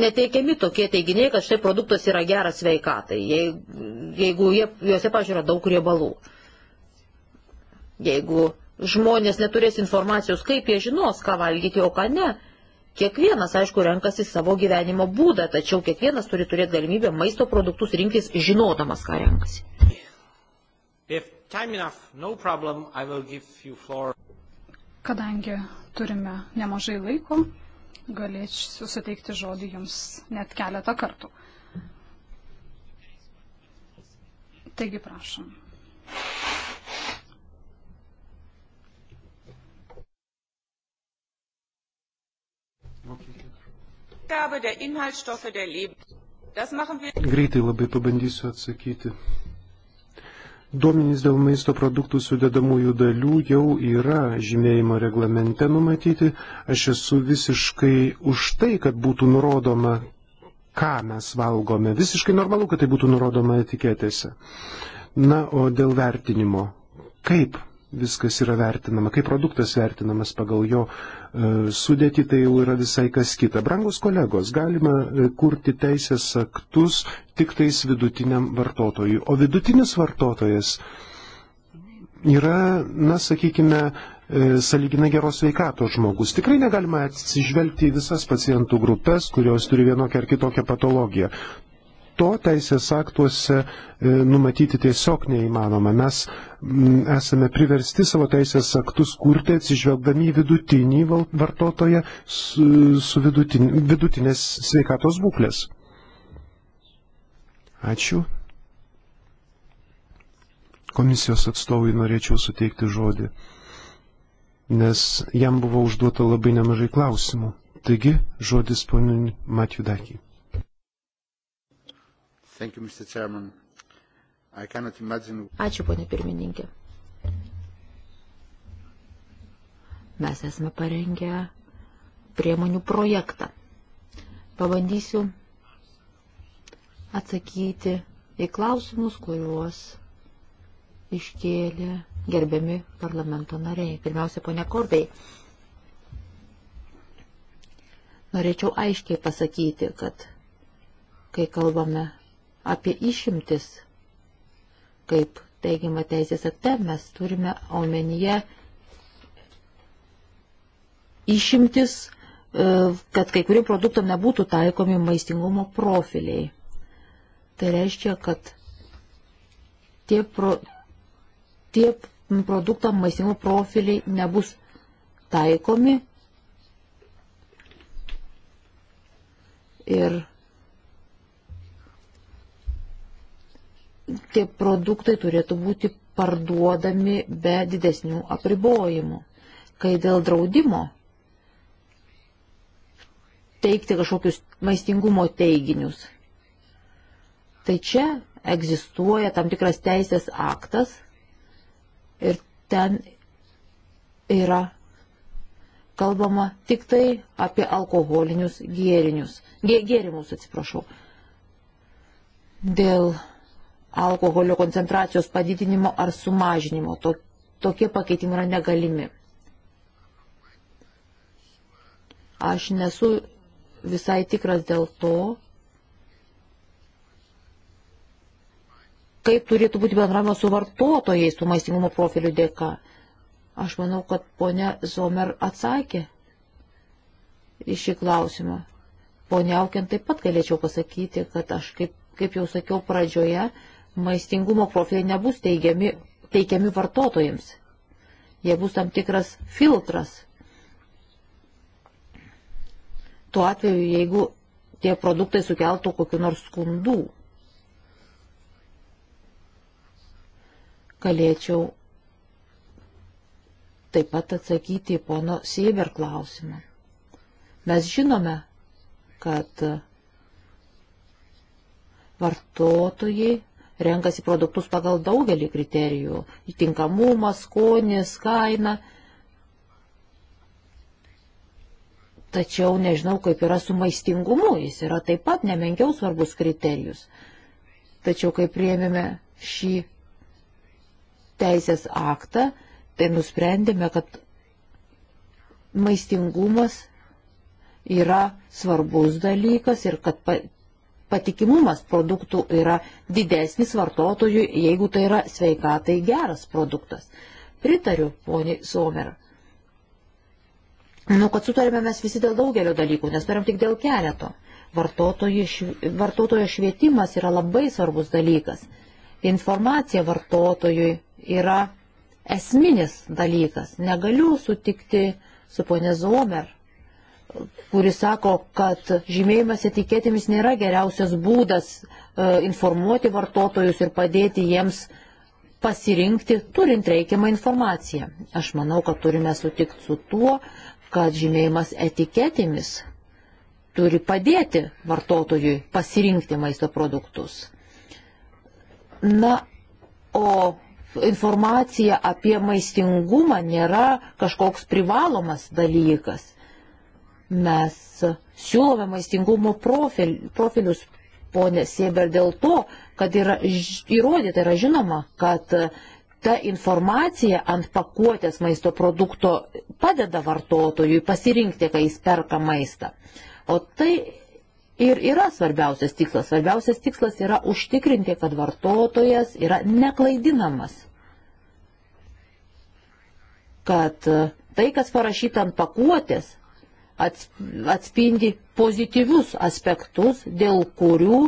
neteikiami tokie teiginiai, kad štai produktas yra geras sveikatai, jeigu jie, juose, pažiūrėjau, daug riebalų. Jeigu žmonės neturės informacijos, kaip jie žinos, ką valgyti, o ką ne. Kiekvienas, aišku, renkasi savo gyvenimo būdą, tačiau kiekvienas turi turėti galimybę maisto produktus rinktis žinodamas, ką renkasi. Enough, no problem, Kadangi turime nemažai laiko, galėčiau suteikti žodį jums net keletą kartų. Taigi prašom. Greitai labai pabandysiu atsakyti. Duomenys dėl maisto produktų sudedamųjų dalių jau yra žymėjimo reglamente numatyti. Aš esu visiškai už tai, kad būtų nurodoma, ką mes valgome. Visiškai normalu, kad tai būtų nurodoma etiketėse. Na, o dėl vertinimo. Kaip viskas yra vertinama, kai produktas vertinamas pagal jo e, sudėtį, tai jau yra visai kas kita. Brangus kolegos, galima e, kurti teisės aktus tik tais vidutiniam vartotojui, o vidutinis vartotojas yra, na, sakykime, e, saliginai geros veikatos žmogus. Tikrai negalima atsižvelgti į visas pacientų grupės, kurios turi vienokią ar kitokią patologiją to teisės aktuose e, numatyti tiesiog neįmanoma. Mes esame priversti savo teisės aktus kurti atsižvelgdami į vidutinį vartotoją su, su vidutin, vidutinės sveikatos būklės. Ačiū. Komisijos atstovui norėčiau suteikti žodį, nes jam buvo užduota labai nemažai klausimų. Taigi, žodis ponui Matjudakijai. Thank you, Mr. Chairman. I cannot imagine. Ačiū, ponė pirmininkė. Mes esame parengę priemonių projektą. Pabandysiu atsakyti į klausimus, kuriuos iškėlė gerbiami parlamento nariai. Pirmiausia, ponia Korbei. Norėčiau aiškiai pasakyti, kad kai kalbame apie išimtis, kaip teigiama teisės akte, mes turime omenyje išimtis, e, kad kai kurių produktų nebūtų taikomi maistingumo profiliai. Tai reiškia, kad tie, pro, tie produktam maistingumo profiliai nebus taikomi ir tie produktai turėtų būti parduodami be didesnių apribojimų. Kai dėl draudimo teikti kažkokius maistingumo teiginius, tai čia egzistuoja tam tikras teisės aktas ir ten yra kalbama tik tai apie alkoholinius gėrinius, gė, gėrimus, atsiprašau. Dėl alkoholio koncentracijos padidinimo ar sumažinimo. Tokie pakeitimai yra negalimi. Aš nesu visai tikras dėl to, kaip turėtų būti bendravimo su vartotojais tų maistingumo profilių dėka. Aš manau, kad ponia Zomer atsakė į šį klausimą. Pone Aukiant taip pat galėčiau pasakyti, kad aš kaip, kaip jau sakiau pradžioje, maistingumo profiliai nebus teigiami, teikiami vartotojams. Jie bus tam tikras filtras. Tuo atveju, jeigu tie produktai sukeltų kokiu nors skundų, galėčiau taip pat atsakyti į pono Sieber klausimą. Mes žinome, kad vartotojai renkasi produktus pagal daugelį kriterijų - tinkamumas, skonis, kaina. Tačiau nežinau, kaip yra su maistingumu, jis yra taip pat nemenkiau svarbus kriterijus. Tačiau, kai priėmėme šį teisės aktą, tai nusprendėme, kad maistingumas yra svarbus dalykas ir kad patikimumas produktų yra didesnis vartotojui, jeigu tai yra sveikatai geras produktas. Pritariu, poniai Somer. Manau, kad sutarėme mes visi dėl daugelio dalykų, nesutarim tik dėl keleto. Vartotojo, šv... vartotojo švietimas yra labai svarbus dalykas. Informacija vartotojui yra esminis dalykas. Negaliu sutikti su ponė Zomer kuris sako, kad žymėjimas etiketėmis nėra geriausias būdas e, informuoti vartotojus ir padėti jiems pasirinkti, turint reikiamą informaciją. Aš manau, kad turime sutikti su tuo, kad žymėjimas etiketėmis turi padėti vartotojui pasirinkti maisto produktus. Na, o informacija apie maistingumą nėra kažkoks privalomas dalykas. Mes siūlome maistingumo profil, profilius, ponė Sėber, dėl to, kad yra įrodyta, yra žinoma, kad ta informacija ant pakuotės maisto produkto padeda vartotojui pasirinkti, kai jis perka maistą. O tai Ir yra svarbiausias tikslas. Svarbiausias tikslas yra užtikrinti, kad vartotojas yra neklaidinamas. Kad tai, kas parašyta ant pakuotės, atspindi pozityvius aspektus, dėl kurių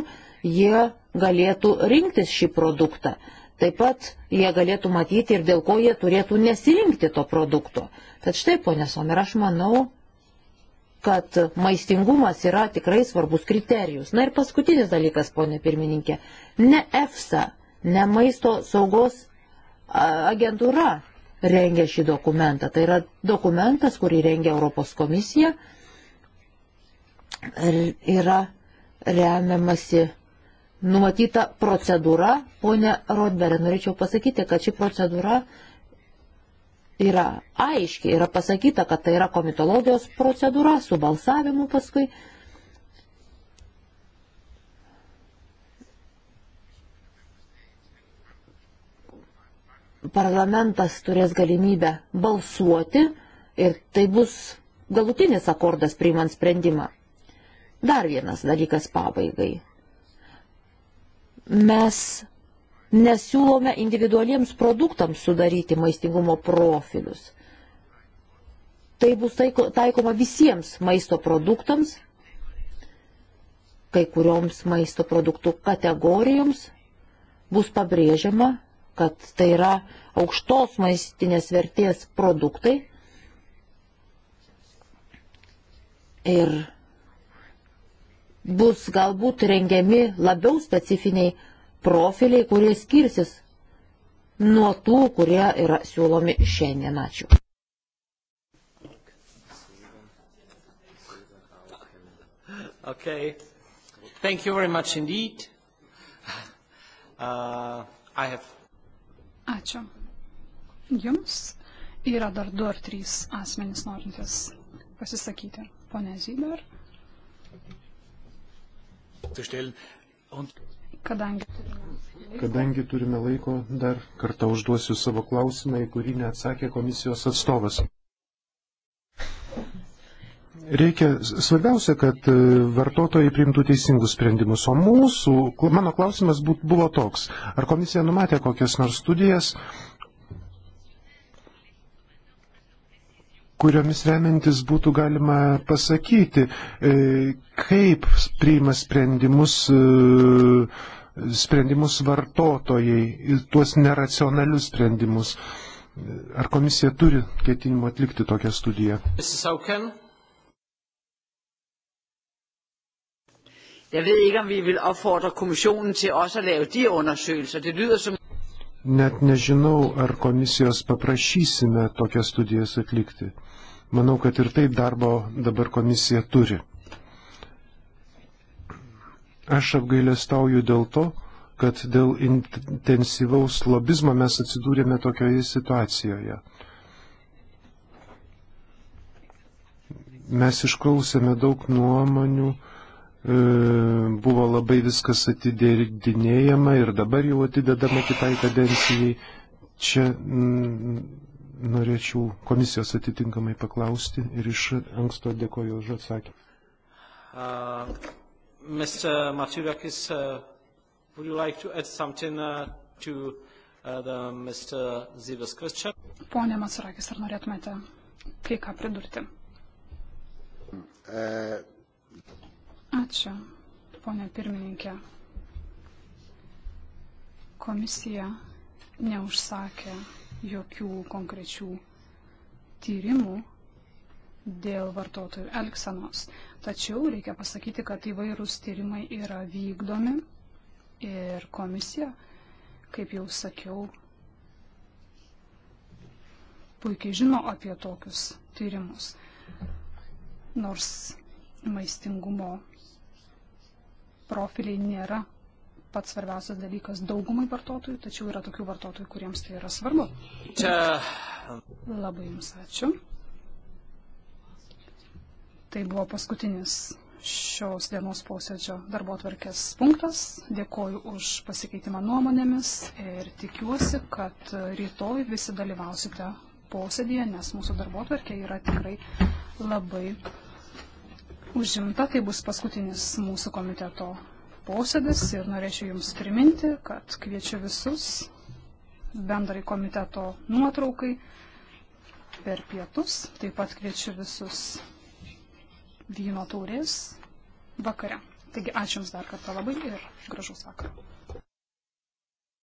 jie galėtų rinktis šį produktą. Taip pat jie galėtų matyti ir dėl ko jie turėtų nesirinkti to produkto. Tad štai, ponė Somer, aš manau, kad maistingumas yra tikrai svarbus kriterijus. Na ir paskutinis dalykas, ponė pirmininkė, ne EFSA, ne maisto saugos agentūra rengia šį dokumentą. Tai yra dokumentas, kurį rengia Europos komisija. Yra remiamasi numatyta procedūra. Pone Rodberė, norėčiau pasakyti, kad ši procedūra yra aiški, yra pasakyta, kad tai yra komitologijos procedūra su balsavimu paskui. Uh, parlamentas turės galimybę balsuoti ir tai bus galutinis akordas priimant sprendimą. Dar vienas dalykas pabaigai. Mes nesiūlome individualiems produktams sudaryti maistingumo profilius. Tai bus taiko, taikoma visiems maisto produktams, kai kurioms maisto produktų kategorijoms bus pabrėžiama, kad tai yra aukštos maistinės vertės produktai. Ir bus galbūt rengiami labiau specifiniai profiliai, kurie skirsis nuo tų, kurie yra siūlomi šiandien. Ačiū. Okay. Thank you very much indeed. Uh, I have Ačiū. Jums yra dar du ar trys asmenys norintis pasisakyti. Pone Zyber. Kadangi Kadangi turime laiko, dar kartą užduosiu savo klausimą, į kurį neatsakė komisijos atstovas. Reikia, svarbiausia, kad e, vartotojai priimtų teisingus sprendimus. O mūsų, mano klausimas būt, buvo toks, ar komisija numatė kokias nors studijas, kuriomis remiantis būtų galima pasakyti, e, kaip priima sprendimus, e, sprendimus vartotojai, tuos neracionalius sprendimus. Ar komisija turi ketinimą atlikti tokią studiją? Mrs. Auken. Jeg ved ikke, om vi vil opfordre kommissionen til også at lave de undersøgelser. Det lyder som... Net nežinau, ar komisijos paprašysime tokias studijas atlikti. Manau, kad ir taip darbo dabar komisija turi. Aš apgailestauju dėl to, kad dėl intensyvaus lobizmo mes atsidūrėme tokioje situacijoje. Mes išklausėme daug nuomonių, E, buvo labai viskas atidėdinėjama ir dabar jau atidedama kitai kadencijai. Čia norėčiau komisijos atitinkamai paklausti ir iš anksto dėkoju už atsakymą. Uh, Mr. Maturakis, uh, would you like to add something uh, to uh, the Mr. Zivas question? Pone Maturakis, ar norėtumėte kai ką pridurti? Uh, Ačiū, ponė pirmininkė. Komisija neužsakė jokių konkrečių tyrimų dėl vartotojų elgsenos. Tačiau reikia pasakyti, kad įvairūs tyrimai yra vykdomi ir komisija, kaip jau sakiau, puikiai žino apie tokius tyrimus. Nors maistingumo profiliai nėra pats svarbiausias dalykas daugumai vartotojų, tačiau yra tokių vartotojų, kuriems tai yra svarbu. Čia. Labai Jums ačiū. Tai buvo paskutinis šios dienos posėdžio darbo atvarkės punktas. Dėkoju už pasikeitimą nuomonėmis ir tikiuosi, kad rytoj visi dalyvausite posėdėje, nes mūsų darbo atvarkė yra tikrai labai užimta, tai bus paskutinis mūsų komiteto posėdis ir norėčiau Jums priminti, kad kviečiu visus bendrai komiteto nuotraukai per pietus, taip pat kviečiu visus vyno taurės vakare. Taigi ačiū Jums dar kartą labai ir gražus vakaras.